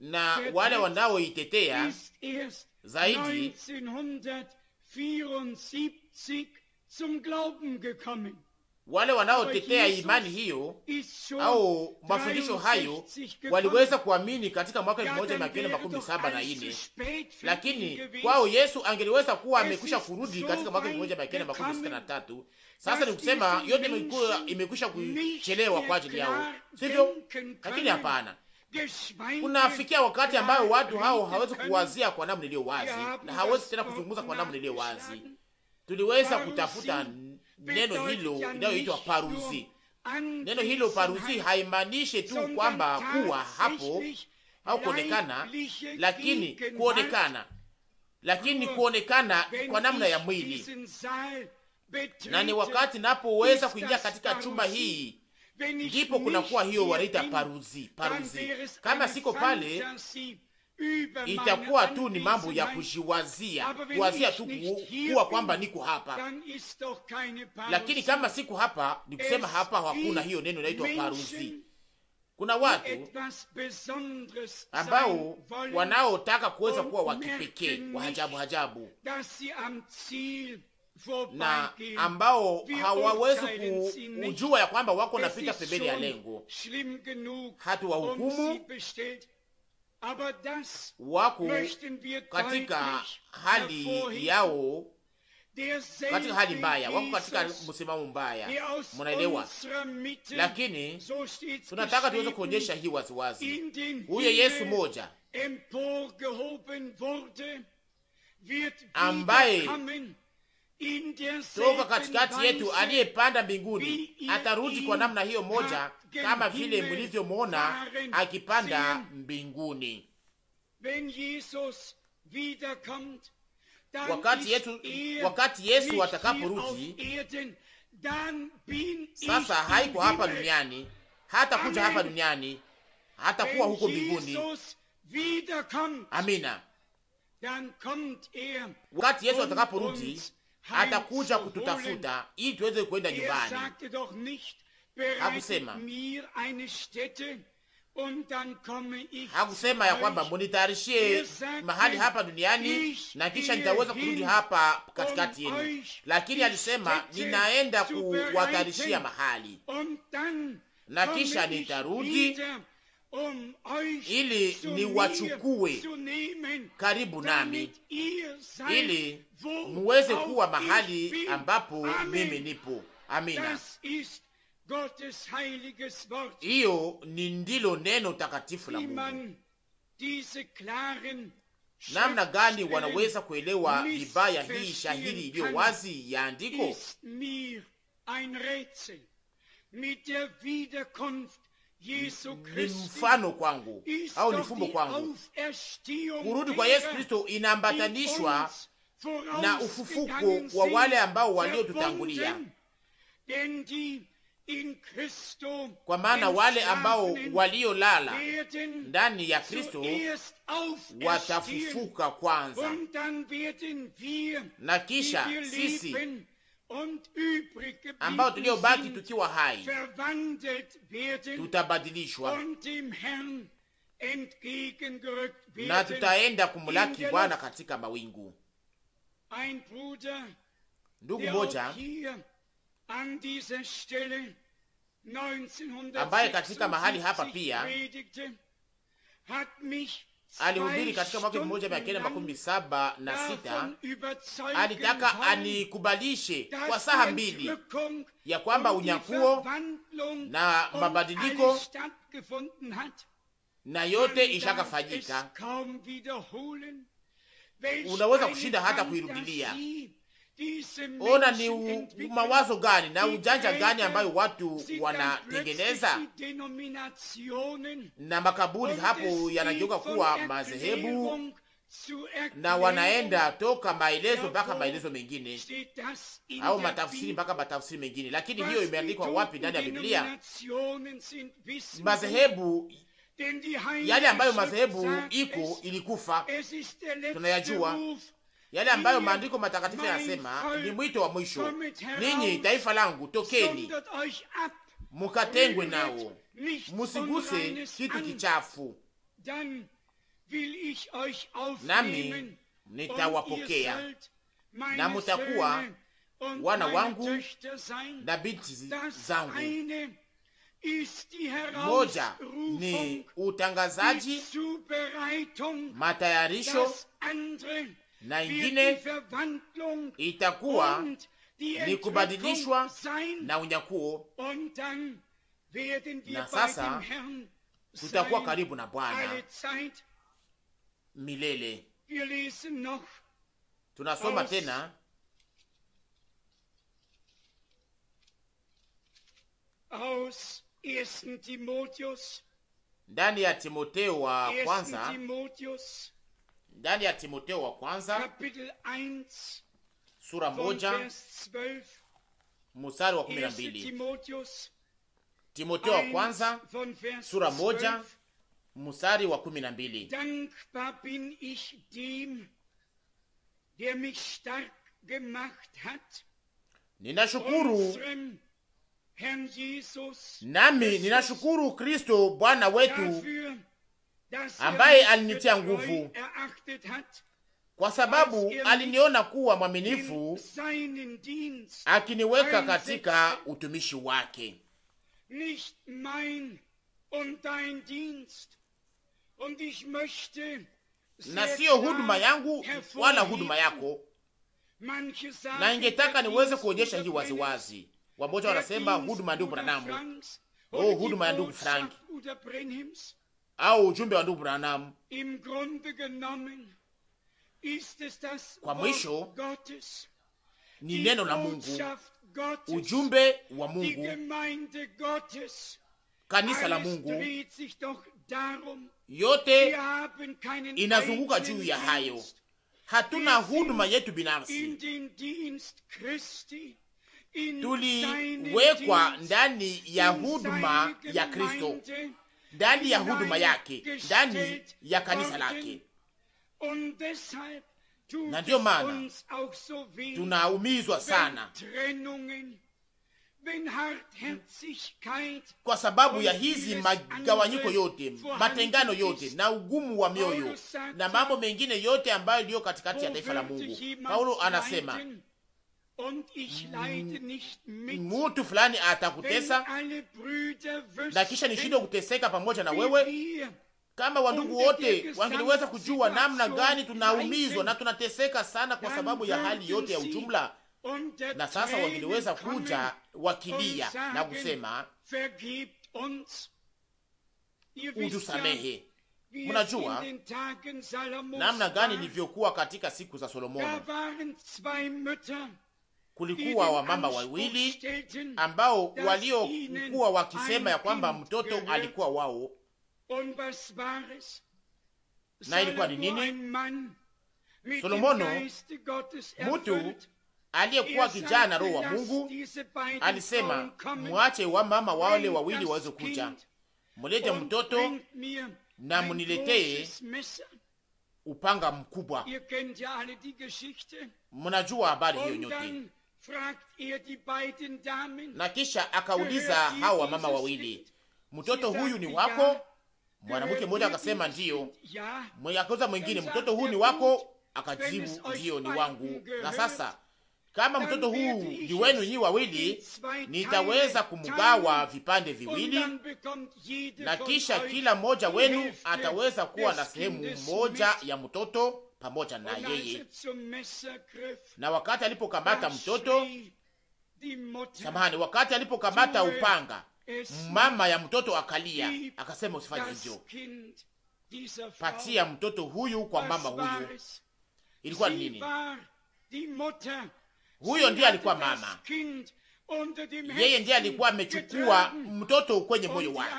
Speaker 1: na wale
Speaker 2: wanaoitetea
Speaker 1: zaidi wale wanaotetea imani hiyo au mafundisho hayo waliweza
Speaker 2: kuamini katika mwaka elfu moja mia kenda makumi saba na ine lakini kwao Yesu angeliweza kuwa amekwisha kurudi katika mwaka elfu moja mia kenda makumi sita na tatu. Sasa ni kusema yote imekwisha
Speaker 1: kuchelewa kwa ajili yao, sivyo?
Speaker 2: Lakini hapana, kunafikia wakati ambayo watu hao hawezi kuwazia kwa namna iliyo wazi na hawezi tena kuzungumza kwa namna iliyo wazi. Tuliweza kutafuta neno hilo inayoitwa paruzi. Neno hilo paruzi haimaanishi tu kwamba kuwa hapo au kuonekana, lakini kuonekana, lakini kuonekana kwa namna ya mwili. Na ni wakati napoweza kuingia katika chumba hii ndipo kunakuwa hiyo wanaita paruzi, paruzi. Kama siko pale itakuwa tu ni mambo ya kujiwazia, kuwazia tu kuwa kwamba niko hapa. Lakini kama siku hapa, ni kusema hapa hakuna hiyo neno inaitwa paruzi. Kuna watu ambao wanaotaka kuweza kuwa wa kipekee wa ajabu ajabu
Speaker 1: na ambao hawawezi kujua ya kwamba wako napita pembeni ya lengo, hatu hatuwahukumu wako katika
Speaker 2: hali yao,
Speaker 1: katika hali mbaya, wako katika
Speaker 2: msimamo mbaya, mnaelewa. Lakini tunataka tuweze kuonyesha hii waziwazi, huyo Yesu moja
Speaker 1: ambaye toka katikati yetu aliyepanda
Speaker 2: mbinguni atarudi kwa namna hiyo moja, kama vile mlivyomwona akipanda mbinguni.
Speaker 1: Er wakati Yesu, wakati Yesu atakaporudi, sasa haiko hapa
Speaker 2: duniani, hata kuja hapa duniani, hata kuwa huko mbinguni.
Speaker 1: Amina. Er wakati Yesu atakaporudi atakuja kututafuta ili tuweze kwenda er nyumbani. Hakusema hakusema ya kwamba
Speaker 2: munitayarishie er mahali hapa duniani na kisha nitaweza kurudi hapa katikati um yenu, lakini alisema ninaenda kuwatayarishia mahali na kisha nitarudi
Speaker 1: um ili
Speaker 2: niwachukue karibu nami, ili muweze kuwa mahali ambapo mimi nipo. Amina. Hiyo ni ndilo neno takatifu la Mungu. Namna gani wanaweza kuelewa vibaya hii shahidi iliyo wazi ya andiko?
Speaker 1: Ni mfano
Speaker 2: kwangu au ni fumbo kwangu.
Speaker 1: Kurudi kwa Yesu Kristo
Speaker 2: inaambatanishwa
Speaker 1: na ufufuko wa wale ambao waliotutangulia, kwa maana wale ambao waliolala ndani ya Kristo watafufuka kwanza, na kisha sisi ambao tuliobaki
Speaker 2: tukiwa hai tutabadilishwa
Speaker 1: na tutaenda kumlaki Bwana
Speaker 2: katika mawingu
Speaker 1: ndugu moja ambaye katika mahali hapa pia alihubiri katika mwaka elfu moja mia kenda makumi
Speaker 2: saba na sita
Speaker 1: alitaka
Speaker 2: anikubalishe kwa saha mbili ya kwamba unyakuo
Speaker 1: na mabadiliko
Speaker 2: na yote ishakafanyika
Speaker 1: unaweza kushinda
Speaker 2: hata kuirudilia. Ona ni mawazo gani na ujanja gani ambayo watu wanatengeneza, na makaburi hapo yanageuka kuwa madhehebu na wanaenda toka maelezo mpaka maelezo mengine au matafsiri mpaka matafsiri mengine. Lakini hiyo imeandikwa wapi ndani ya Biblia? Madhehebu
Speaker 1: yale ambayo madhehebu iko
Speaker 2: ilikufa
Speaker 1: tunayajua,
Speaker 2: yale ambayo maandiko matakatifu yanasema ni mwito wa mwisho: ninyi taifa langu, tokeni mukatengwe nao, musiguse kitu kichafu,
Speaker 1: nami nitawapokea na mutakuwa wana wangu na binti zangu moja ni
Speaker 2: utangazaji,
Speaker 1: matayarisho, na ingine
Speaker 2: itakuwa ni kubadilishwa na unyakuo.
Speaker 1: Na sasa tutakuwa karibu na Bwana
Speaker 2: milele. Tunasoma tena
Speaker 1: aus ndani ya
Speaker 2: Timoteo wa kwanza, ndani ya Timoteo wa kwanza sura moja mstari wa kumi na mbili. Timoteo wa kwanza
Speaker 1: sura moja
Speaker 2: mstari wa kumi na mbili.
Speaker 1: Dankbar bin ich dem der mich stark gemacht hat Ninashukuru
Speaker 2: Nami ninashukuru Kristo Bwana wetu
Speaker 1: er ambaye alinitia nguvu,
Speaker 2: kwa sababu er aliniona kuwa mwaminifu,
Speaker 1: akiniweka katika
Speaker 2: utumishi wake.
Speaker 1: Na siyo huduma yangu wala huduma yako, na
Speaker 2: ingetaka niweze kuonyesha hii waziwazi Wamoja wanasema huduma ya ndugu Branham, oh, huduma ya ndugu Frank au ujumbe wa ndugu Branham.
Speaker 1: Kwa mwisho
Speaker 2: ni neno la Mungu, ujumbe wa Mungu, kanisa la Mungu, yote
Speaker 1: inazunguka
Speaker 2: juu ya hayo. Hatuna huduma yetu binafsi
Speaker 1: tuliwekwa
Speaker 2: ndani ya huduma ya Kristo, ndani ya huduma yake, ndani ya kanisa lake,
Speaker 1: na ndiyo maana
Speaker 2: tunaumizwa sana kwa sababu ya hizi magawanyiko yote, matengano yote, na ugumu wa mioyo na mambo mengine yote ambayo iliyo katikati ya taifa la Mungu. Paulo anasema mutu fulani atakutesa
Speaker 1: na kisha nishindwe
Speaker 2: kuteseka pamoja na wewe. Kama wandugu wote wangeliweza kujua namna gani tunaumizwa na tunateseka sana kwa sababu ya hali yote ya ujumla,
Speaker 1: na sasa wangeliweza kuja wakilia na kusema utusamehe. Mnajua namna gani
Speaker 2: nilivyokuwa katika siku za Solomoni kulikuwa wamama wawili ambao waliokuwa wakisema ya kwamba mtoto uh, alikuwa wao, na ilikuwa ni nini? Solomono, mtu aliyekuwa kijana roho wa Mungu, alisema mwache wamama wale wawili waweze kuja, mulete mtoto na muniletee upanga mkubwa. Mnajua habari hiyo nyote.
Speaker 1: Na kisha akauliza hao mama
Speaker 2: wawili, mtoto huyu ni wako? Mwanamke mmoja akasema ndiyo. Akauza mwingine, mtoto huyu er ni wako? Akajibu ndiyo, ni wangu. Na sasa kama mtoto huu ni wenu nyi wawili,
Speaker 1: nitaweza kumgawa
Speaker 2: vipande viwili,
Speaker 1: na kisha kila mmoja wenu ataweza kuwa na sehemu
Speaker 2: moja ya mtoto pamoja na yeye, na wakati alipokamata mtoto samahani, wakati alipokamata upanga, mama ya mtoto akalia, akasema usifanye hivyo, patia mtoto huyu kwa mama huyu. Ilikuwa nini? Huyo ndiye alikuwa mama
Speaker 1: yeye ndiye alikuwa amechukua mtoto
Speaker 2: kwenye moyo wake,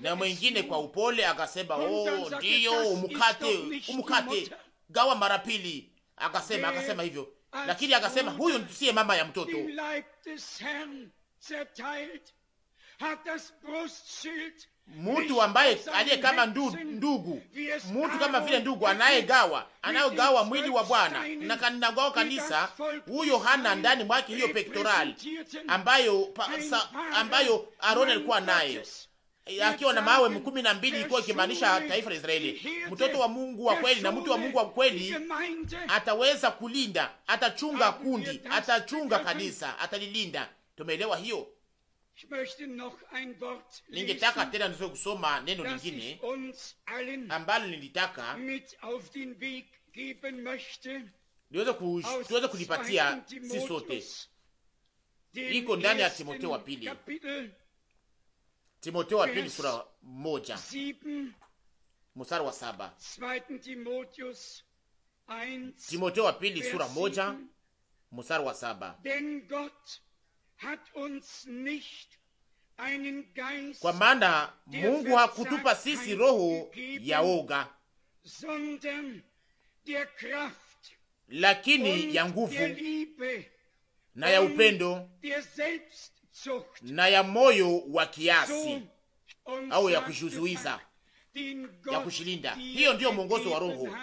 Speaker 1: na mwingine kwa
Speaker 2: upole akasema, oh, ndiyo umukate, umkate gawa mara pili, akasema akasema hivyo,
Speaker 1: lakini akasema huyu
Speaker 2: siye mama ya mtoto
Speaker 1: mtu ambaye aliye kama
Speaker 2: ndugu mtu kama vile ndugu anayegawa anayogawa mwili wa Bwana na kanagawa kanisa, huyo hana ndani mwake hiyo pectoral ambayo pa, sa, ambayo Aroni alikuwa naye eh, akiwa na mawe kumi na mbili ilikuwa ikimaanisha taifa la Israeli. Mtoto wa Mungu wa kweli na mtu wa Mungu wa kweli ataweza kulinda, atachunga kundi, atachunga kanisa, atalilinda. Tumeelewa hiyo?
Speaker 1: Ningetaka tena
Speaker 2: niweze kusoma neno lingine ambalo
Speaker 1: nilitaka tuweze kulipatia si sote,
Speaker 2: iko ndani ya Timotheo wa pili, Timotheo wa pili sura moja mstari wa saba.
Speaker 1: Timotheo wa pili sura moja
Speaker 2: mstari wa saba.
Speaker 1: Denn Gott
Speaker 2: kwa maana Mungu hakutupa sisi roho
Speaker 1: ya oga
Speaker 2: lakini ya nguvu
Speaker 1: na ya upendo
Speaker 2: na ya moyo wa kiasi au ya kujizuiza ya kushilinda. Hiyo ndiyo mwongozo wa Roho,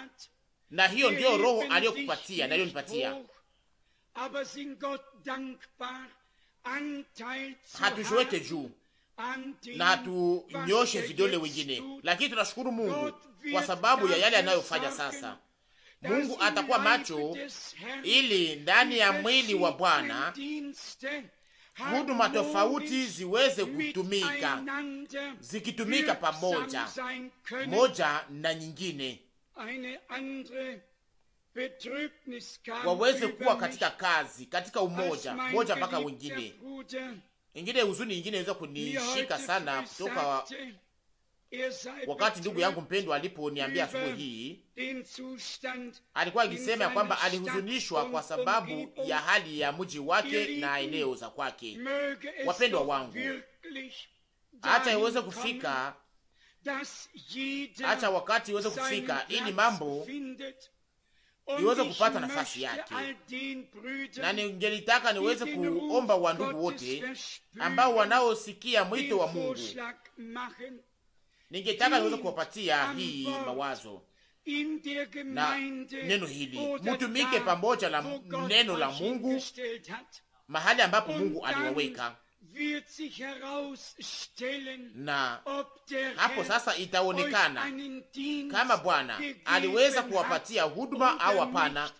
Speaker 2: na hiyo ndiyo Roho aliyokupatia na aliyonipatia
Speaker 1: hatujiweke juu na hatunyoshe vidole wengine,
Speaker 2: lakini tunashukuru Mungu kwa sababu ya yale anayofanya sasa. Mungu atakuwa macho ili ndani ya mwili wa Bwana huduma tofauti ziweze kutumika, zikitumika pamoja moja na nyingine
Speaker 1: waweze kuwa
Speaker 2: katika kazi, katika umoja moja mpaka wengine. Ingine huzuni ingine inaweza kunishika sana kutoka
Speaker 1: wakati ndugu yangu
Speaker 2: mpendwa aliponiambia asubuhi hii,
Speaker 1: alikuwa akisema ya kwamba alihuzunishwa
Speaker 2: kwa sababu ya hali ya mji wake na eneo za kwake.
Speaker 1: Wapendwa wangu, hata iweze kufika, hata wakati iweze kufika ili mambo iweze kupata nafasi yake, na ningelitaka niweze
Speaker 2: kuomba wandugu wote ambao wanaosikia mwito wa Mungu, ningetaka niweze kuwapatia hii mawazo
Speaker 1: na neno hili, mutumike
Speaker 2: pamoja la neno la Mungu mahali ambapo Mungu aliwaweka
Speaker 1: na hapo sasa itaonekana
Speaker 2: kama Bwana aliweza kuwapatia huduma au hapana.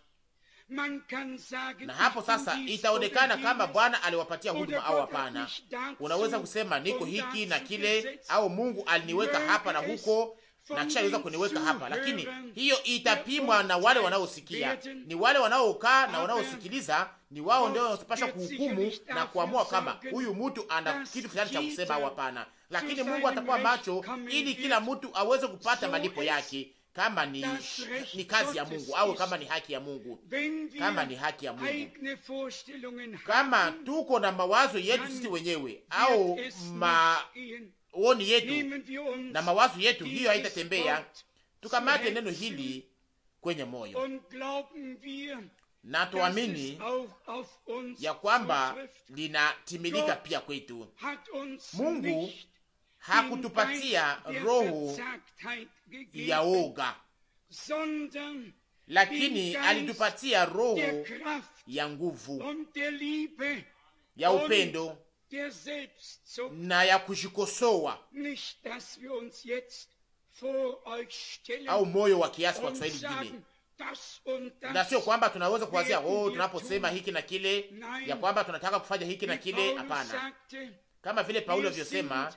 Speaker 1: Na hapo sasa itaonekana kama
Speaker 2: Bwana aliwapatia huduma au hapana. Unaweza kusema niko hiki na kile, au Mungu aliniweka hapa na huko na kisha aliweza kuniweka hapa, lakini hiyo itapimwa na wale wanaosikia. Ni wale wanaokaa na wanaosikiliza ni wao ndio wanaopasha kuhukumu na kuamua kama huyu mtu ana kitu fulani cha kusema au hapana, lakini Mungu atakuwa macho ili kila mtu aweze kupata malipo yake kama ni, ni kazi ya Mungu au kama ni haki ya Mungu, kama ni haki ya Mungu. Kama tuko na mawazo yetu sisi wenyewe au
Speaker 1: maoni yetu na
Speaker 2: mawazo yetu, hiyo haitatembea.
Speaker 1: Tukamate neno hili
Speaker 2: kwenye moyo
Speaker 1: na tuamini ya kwamba
Speaker 2: linatimilika pia kwetu.
Speaker 1: Mungu hakutupatia roho ya woga,
Speaker 2: lakini alitupatia roho ya nguvu,
Speaker 1: ya upendo
Speaker 2: na ya kujikosoa
Speaker 1: au moyo wa kiasi, kwa Kiswahili ingine na sio
Speaker 2: kwamba tunaweza kuwazia oh, tunaposema hiki na kile ya kwamba tunataka kufanya hiki na kile. Hapana, kama vile Paulo alivyosema,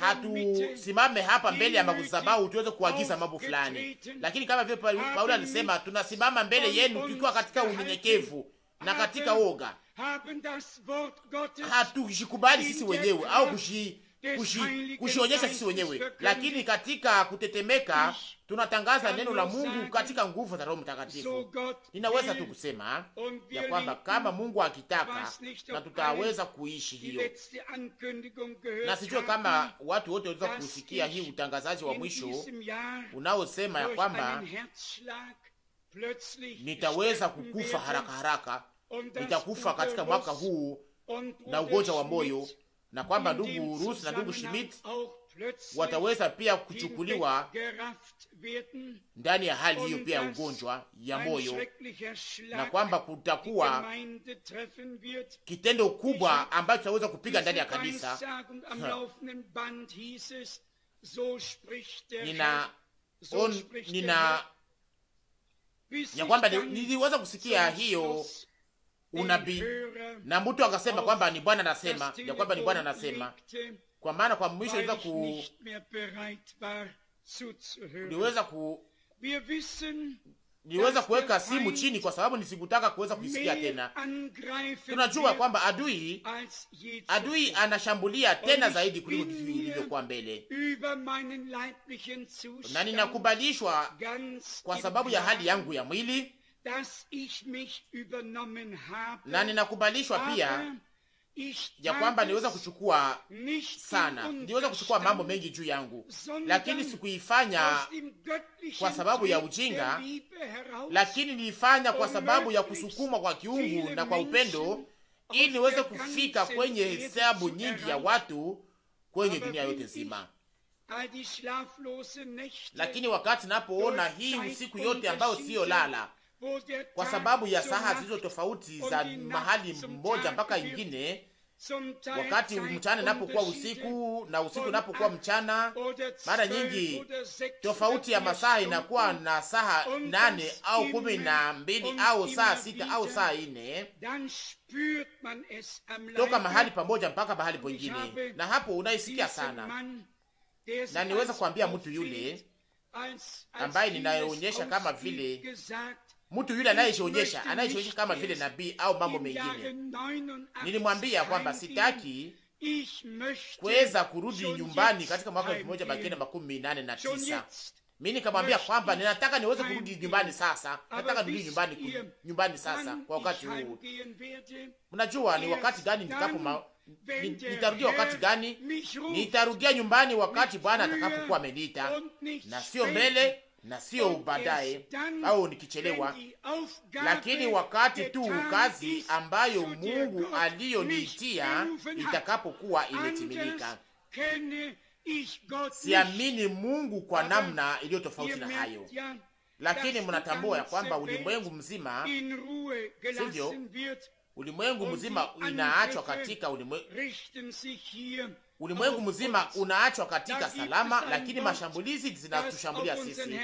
Speaker 2: hatusimame hapa mbele ya madhabahu tuweze kuagiza mambo fulani, lakini kama vile Paulo alisema, tunasimama mbele yenu tukiwa katika unyenyekevu na katika woga. Hatukujikubali sisi wenyewe au kushii kushionyesha sisi wenyewe, lakini katika kutetemeka tunatangaza neno la Mungu katika nguvu za Roho Mtakatifu. Ninaweza tu kusema ya kwamba kama Mungu akitaka, na tutaweza kuishi hiyo,
Speaker 1: na sijue kama
Speaker 2: watu wote waweza kusikia hii utangazaji wa mwisho unaosema ya kwamba
Speaker 1: nitaweza kukufa haraka
Speaker 2: haraka, nitakufa katika mwaka huu
Speaker 1: na ugonjwa wa moyo
Speaker 2: na kwamba ndugu Rus na ndugu Schmidt wataweza pia kuchukuliwa ndani ya hali hiyo pia ya ugonjwa ya moyo, na kwamba kutakuwa kitendo kubwa ambacho tutaweza kupiga ndani ya kanisa.
Speaker 1: Hm. Nina on, nina
Speaker 2: ya kwamba niliweza kusikia hiyo unabii, na mtu akasema kwamba ni Bwana anasema ya kwamba ni Bwana anasema, kwa maana kwa mwisho liweza ku niweza ku
Speaker 1: niweza kuweka simu chini
Speaker 2: kwa sababu nisikutaka kuweza kuisikia tena.
Speaker 1: Tunajua kwamba
Speaker 2: adui adui anashambulia tena zaidi kuliko ilivyokuwa mbele, na ninakubalishwa kwa sababu ya hali yangu ya mwili
Speaker 1: na ninakubalishwa pia ya kwamba niweza
Speaker 2: kuchukua sana, niweza kuchukua mambo mengi juu yangu, lakini sikuifanya
Speaker 1: kwa sababu ya ujinga,
Speaker 2: lakini niifanya kwa sababu ya kusukumwa kwa kiungu na kwa upendo, ili niweze kufika kwenye hesabu nyingi ya watu kwenye dunia yote nzima. Lakini wakati napoona hii usiku yote ambayo siyo lala
Speaker 1: kwa sababu ya saha
Speaker 2: zilizo tofauti za mahali mmoja mpaka ingine, wakati mchana inapokuwa usiku na usiku unapokuwa mchana.
Speaker 1: Mara nyingi tofauti
Speaker 2: ya masaha inakuwa na saha nane au kumi na mbili au saa sita au saa ine toka mahali pamoja mpaka mahali pengine, na hapo unaisikia sana, na niweza kuambia mtu yule ambaye ninaonyesha kama vile mtu yule anayeshionyesha anayeshionyesha kama vile nabii au mambo mengine. Nilimwambia kwamba sitaki kuweza kurudi nyumbani katika mwaka elfu moja mia makumi nane na tisa. Mimi nikamwambia kwamba ninataka niweze kurudi nyumbani sasa, nataka nirudi nyumbani nyumbani sasa kwa wakati huu.
Speaker 1: Mnajua ni wakati gani nitakapo ma... nitarudia wakati
Speaker 2: gani? Nitarudia nyumbani wakati Bwana atakapokuwa ameniita na sio mbele na sio baadaye au nikichelewa, lakini wakati tu kazi ambayo Mungu aliyoniitia itakapokuwa imetimilika.
Speaker 1: Siamini
Speaker 2: Mungu kwa namna iliyo tofauti na hayo,
Speaker 1: lakini mnatambua ya kwamba ulimwengu mzima, sivyo?
Speaker 2: Ulimwengu mzima inaachwa katika ulimwengu ulimwengu mzima unaachwa katika salama, lakini mashambulizi zinatushambulia sisi.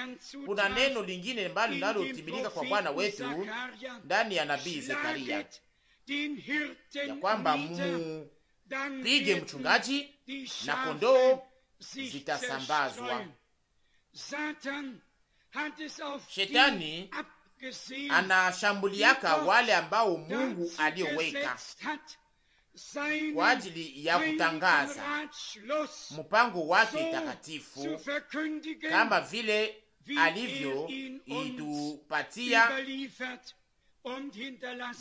Speaker 2: Kuna neno lingine mbali linalotimilika kwa Bwana wetu ndani ya nabii Zekaria ya kwamba mupige mchungaji na kondoo zitasambazwa.
Speaker 1: Shetani
Speaker 2: anashambuliaka wale ambao Mungu aliyoweka
Speaker 1: kwa ajili ya kutangaza
Speaker 2: mpango wake takatifu
Speaker 1: kama vile
Speaker 2: alivyo itupatia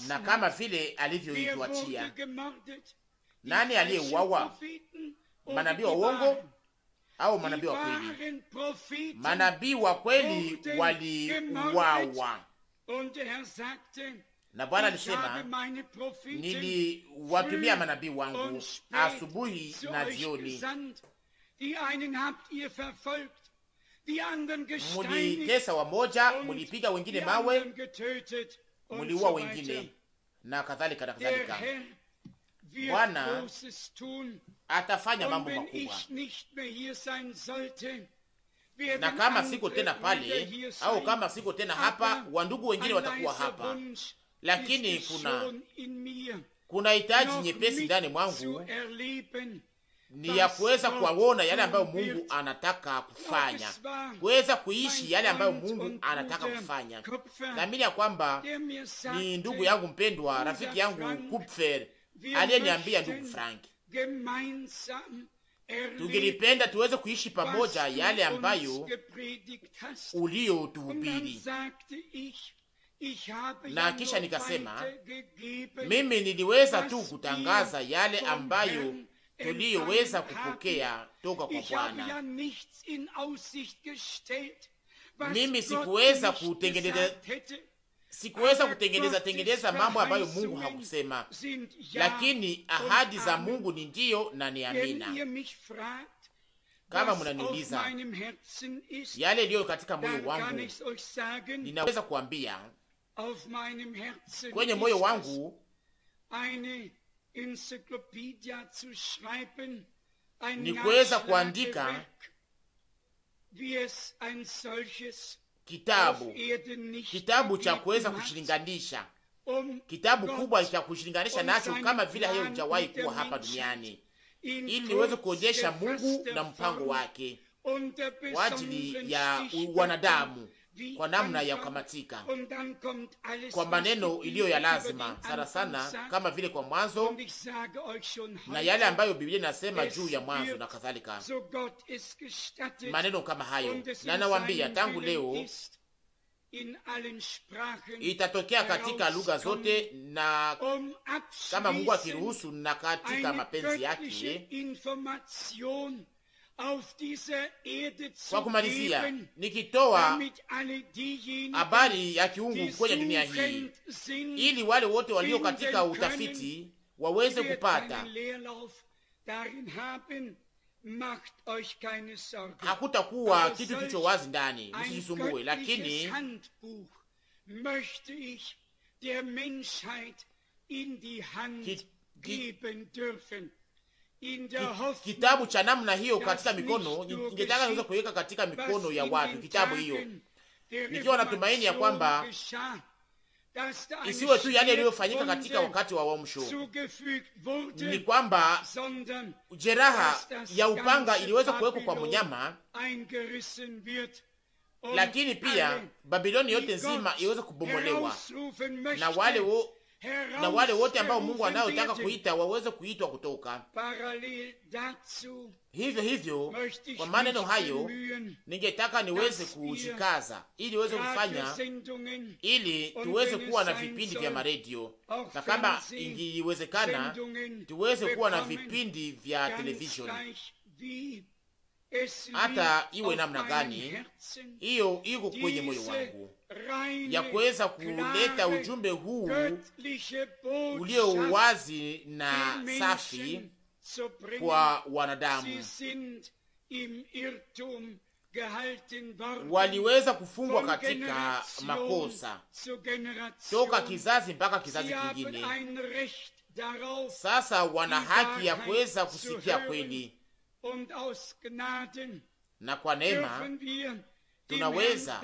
Speaker 2: na kama vile ituachia.
Speaker 1: Nani aliyeuawa? Manabii wa uongo
Speaker 2: au manabii wa
Speaker 1: kweli? Manabii wa kweli waliuawa.
Speaker 2: Na Bwana alisema
Speaker 1: niliwatumia manabii wangu asubuhi na jioni, mulitesa
Speaker 2: wamoja, mulipiga wengine mawe,
Speaker 1: muliua wengine
Speaker 2: na kadhalika na kadhalika. Bwana atafanya mambo makubwa,
Speaker 1: na kama siko tena pale au kama
Speaker 2: siko tena hapa, wandugu wengine watakuwa hapa lakini kuna kuna hitaji nyepesi ndani mwangu ni ya kuweza kuwaona yale ambayo Mungu anataka kufanya, kuweza kuishi yale ambayo Mungu anataka kufanya. Naamini ya kwamba ni ndugu yangu mpendwa, rafiki yangu Kupfer aliyeniambia, ndugu Frank,
Speaker 1: tungelipenda tuweze
Speaker 2: kuishi pamoja yale ambayo uliotuhubiri
Speaker 1: na kisha nikasema,
Speaker 2: mimi niliweza tu kutangaza yale ambayo tuliyoweza kupokea toka kwa Bwana.
Speaker 1: Mimi sikuweza kutengeneza sikuweza kutengeneza tengeneza mambo ambayo Mungu
Speaker 2: hakusema,
Speaker 1: lakini ahadi
Speaker 2: za Mungu ni ndiyo na ni amina.
Speaker 1: Kama mnaniuliza yale iliyo katika moyo wangu, ninaweza kuambia kwenye moyo wangu ni kuweza kuandika kitabu kitabu cha kuweza
Speaker 2: kushilinganisha um kitabu kubwa cha kushilinganisha nacho, kama vile hayo hujawahi kuwa hapa duniani,
Speaker 1: ili niweze
Speaker 2: kuonyesha Mungu na mpango wake kwa ajili ya wanadamu kwa namna ya kukamatika,
Speaker 1: kwa maneno iliyo ya
Speaker 2: lazima sana sana, kama vile kwa mwanzo na yale ambayo Biblia inasema juu ya mwanzo na kadhalika, maneno kama hayo. Na nawaambia tangu leo
Speaker 1: itatokea katika
Speaker 2: lugha zote na um kama Mungu akiruhusu na katika mapenzi yake
Speaker 1: kwa kumalizia,
Speaker 2: nikitoa habari ya kiungu kwenye dunia hii, ili wale wote walio katika utafiti waweze kupata.
Speaker 1: Hakutakuwa kitu kilicho
Speaker 2: wazi ndani, msijisumbue, lakini
Speaker 1: ki, ki,
Speaker 2: kitabu cha namna hiyo katika mikono, ningetaka niweze kuweka katika mikono ya watu kitabu hiyo,
Speaker 1: nikiwa natumaini ya kwamba isiwe tu yale yaliyofanyika katika wakati wa
Speaker 2: wamsho, ni kwamba
Speaker 1: jeraha ya upanga iliweza kuwekwa kwa mnyama, lakini pia
Speaker 2: Babiloni yote nzima iweze kubomolewa
Speaker 1: na wale wo na wale wote ambao Mungu anayotaka kuita
Speaker 2: waweze kuitwa kutoka. Hivyo hivyo, kwa maneno hayo ningetaka niweze kushikaza ili iweze kufanya
Speaker 1: ili tuweze kuwa na vipindi vya
Speaker 2: maredio, na kama ingiwezekana tuweze kuwa na vipindi vya televisheni
Speaker 1: hata iwe namna gani,
Speaker 2: hiyo iko kwenye moyo wangu
Speaker 1: ya kuweza kuleta
Speaker 2: ujumbe huu
Speaker 1: ulio wazi
Speaker 2: na safi kwa wanadamu.
Speaker 1: Waliweza kufungwa katika makosa toka kizazi
Speaker 2: mpaka kizazi kingine. Sasa wana haki ya kuweza kusikia kweli, na kwa neema tunaweza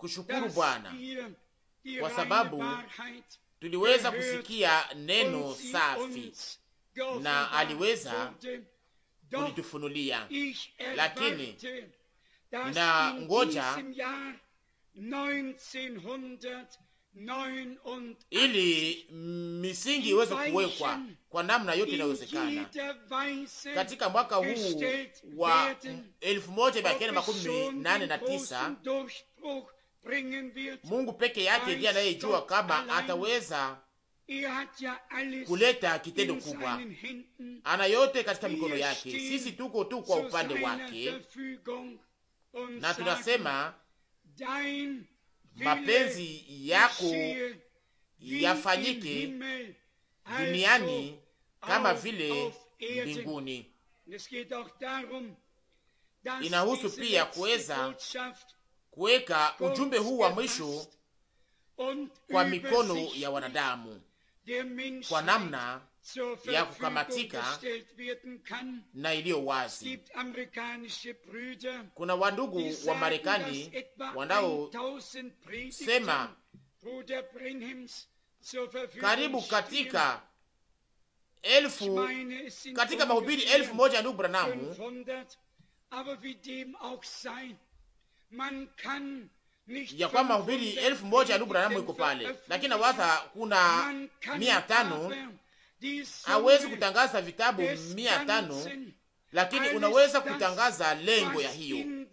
Speaker 2: kushukuru Bwana
Speaker 1: kwa sababu
Speaker 2: tuliweza kusikia neno safi na aliweza kulitufunulia,
Speaker 1: lakini na ngoja
Speaker 2: ili misingi iweze kuwekwa kwa namna yote inayowezekana
Speaker 1: katika mwaka huu
Speaker 2: wa elfu moja mia kenda makumi nane na tisa Mungu peke yake ndiye anayejua kama ataweza kuleta kitendo kubwa. Ana yote katika mikono yake, sisi tuko tu kwa upande wake,
Speaker 1: na tunasema mapenzi yako yafanyike duniani kama vile mbinguni. Inahusu pia
Speaker 2: kuweza kuweka ujumbe huu wa mwisho
Speaker 1: kwa mikono
Speaker 2: ya wanadamu kwa namna
Speaker 1: ya kukamatika
Speaker 2: na iliyo wazi.
Speaker 1: Kuna wandugu wa Marekani wanaosema karibu katika elfu katika mahubiri elfu moja ya ndugu Branamu
Speaker 2: ya kwamba mahubiri elfu moja ya lugha na iko pale, lakini nawaza kuna mia tano. Hawezi kutangaza vitabu mia tano, lakini unaweza kutangaza lengo ya hiyo,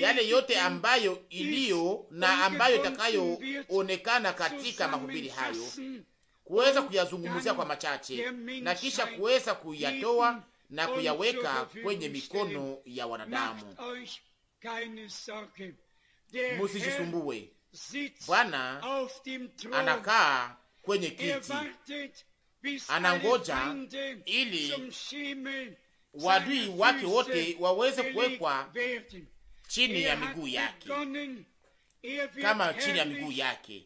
Speaker 2: yale yote ambayo iliyo na ambayo itakayoonekana katika mahubiri hayo, kuweza kuyazungumzia kwa machache na kisha kuweza kuyatoa na kuyaweka kwenye mikono ya wanadamu.
Speaker 1: Musijisumbue, Bwana anakaa
Speaker 2: kwenye kiti,
Speaker 1: anangoja ili wadui wake wote waweze kuwekwa
Speaker 2: chini ya miguu yake,
Speaker 1: kama chini ya miguu yake,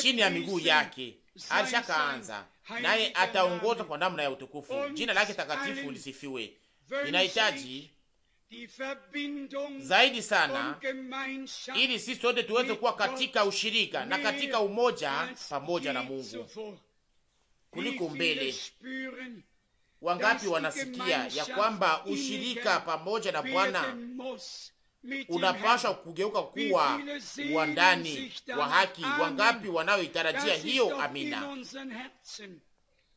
Speaker 1: chini ya miguu yake
Speaker 2: alishakaanza naye ataongozwa kwa namna ya utukufu. Jina lake takatifu lisifiwe.
Speaker 1: Inahitaji zaidi sana ili sisi sote tuweze kuwa katika
Speaker 2: ushirika na katika umoja pamoja na Mungu
Speaker 1: kuliko mbele.
Speaker 2: Wangapi wanasikia ya kwamba ushirika pamoja na Bwana
Speaker 1: unapashwa
Speaker 2: kugeuka kuwa wa ndani wa haki. Wangapi wanayoitarajia hiyo? Amina,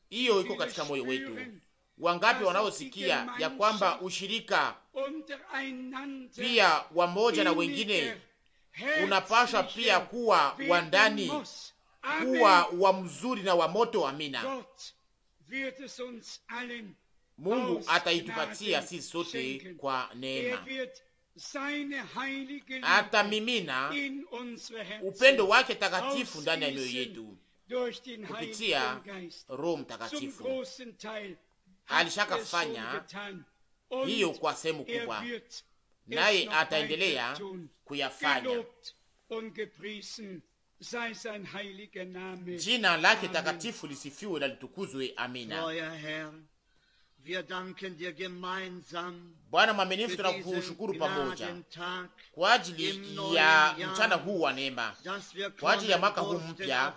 Speaker 2: hiyo iko katika moyo wetu. Wangapi wanaosikia ya kwamba ushirika pia wa moja na wengine unapashwa pia kuwa wa ndani, kuwa wa mzuri na wa moto. Amina. Mungu ataitupatia sisi sote kwa neema atamimina
Speaker 1: upendo wake
Speaker 2: takatifu ndani ya mioyo yetu
Speaker 1: kupitia
Speaker 2: Roho Mtakatifu. Alishakafanya
Speaker 1: hiyo kwa sehemu er kubwa, naye ataendelea
Speaker 2: kuyafanya.
Speaker 1: Jina lake takatifu
Speaker 2: lisifiwe na litukuzwe. Amina. Bwana mwaminifu, tunakushukuru pamoja kwa ajili ya mchana huu wa neema, kwa ajili ya mwaka huu mpya,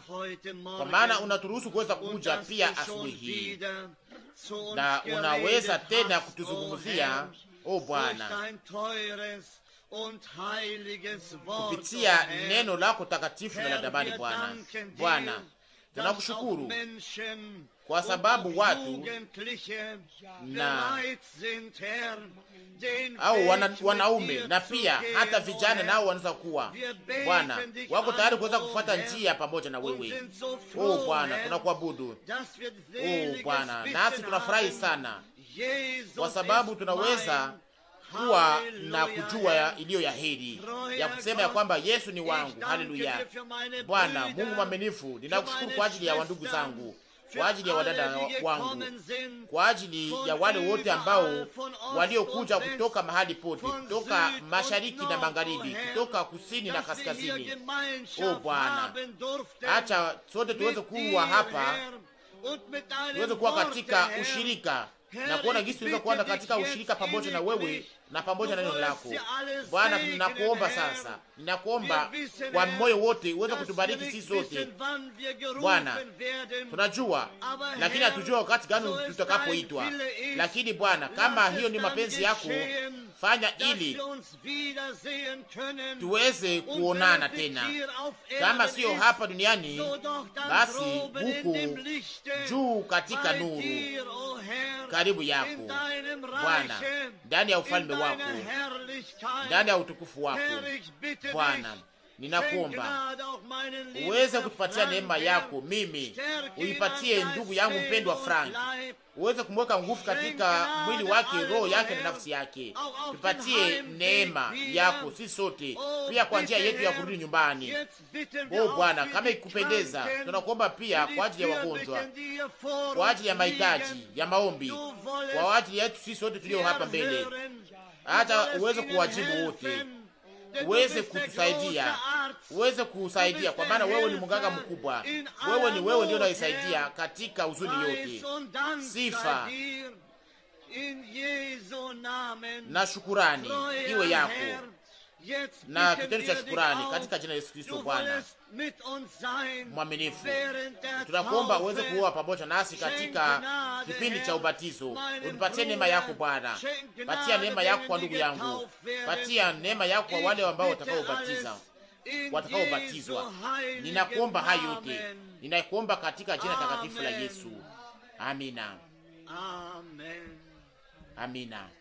Speaker 2: kwa maana unaturuhusu kuweza kuja pia asubuhi hii na unaweza tena kutuzungumzia, o Bwana, kupitia neno lako takatifu na la damani. Bwana, Bwana, tunakushukuru kwa sababu watu
Speaker 1: na au wana, wanaume na pia hata vijana
Speaker 2: nao wanaweza kuwa Bwana wako tayari kuweza kufuata njia pamoja na wewe. Oh Bwana, tunakuabudu. Oh Bwana, nasi tunafurahi sana kwa sababu tunaweza kuwa na kujua iliyo ya heri ya kusema ya kwamba Yesu ni wangu. Haleluya! Bwana Mungu mwaminifu, ninakushukuru kwa ajili ya wandugu zangu kwa ajili ya wadada wangu, kwa ajili ya wale wote ambao uh, waliokuja kutoka mahali pote, kutoka mashariki na magharibi, kutoka kusini na kaskazini.
Speaker 1: O oh, Bwana, acha sote tuweze kuwa hapa, tuweze kuwa katika ushirika
Speaker 2: na kuona gisi tuweze kuwa katika ushirika pamoja na wewe na pamoja na neno lako
Speaker 1: Bwana. Ninakuomba sasa,
Speaker 2: ninakuomba kwa moyo wote uweze kutubariki sisi sote Bwana. Tunajua lakini hatujua wakati gani tutakapoitwa, lakini Bwana, kama hiyo ni mapenzi yako, fanya ili tuweze kuonana tena, kama sio hapa duniani, basi huku juu katika nuru, karibu yako Bwana, ndani ya ufalme wako, ndani ya utukufu wako Bwana. Ninakuomba uweze kutupatia neema yako, mimi uipatie ndugu yangu mpendwa Frank, uweze kumweka nguvu katika mwili wake, roho yake na nafsi yake. Tupatie neema yako sisi sote oh, pia, kwa njia yetu ya kurudi nyumbani. O oh, Bwana, kama ikupendeza, tunakuomba pia kwa ajili ya wagonjwa,
Speaker 1: kwa ajili ya mahitaji ya maombi, kwa
Speaker 2: ajili yetu sisi sote tulio hapa mbele hata uweze kuwajibu wote, uweze kutusaidia, uweze kusaidia, kwa maana wewe ni mganga mkubwa. Wewe ni wewe ndio unaisaidia katika uzuni yote. Sifa
Speaker 1: na shukurani iwe yako na kitendo cha shukurani katika jina
Speaker 2: la Yesu Kristo Bwana mwaminifu. Tunakuomba uweze kuwa pamoja nasi katika kipindi cha ubatizo. Unipatie neema yako Bwana, patia neema yako kwa ndugu yangu, patia neema yako kwa wale ambao watakaobatiza
Speaker 1: watakaobatizwa. Ninakuomba hayo yote,
Speaker 2: ninakuomba katika jina takatifu la Yesu. Amina, amina.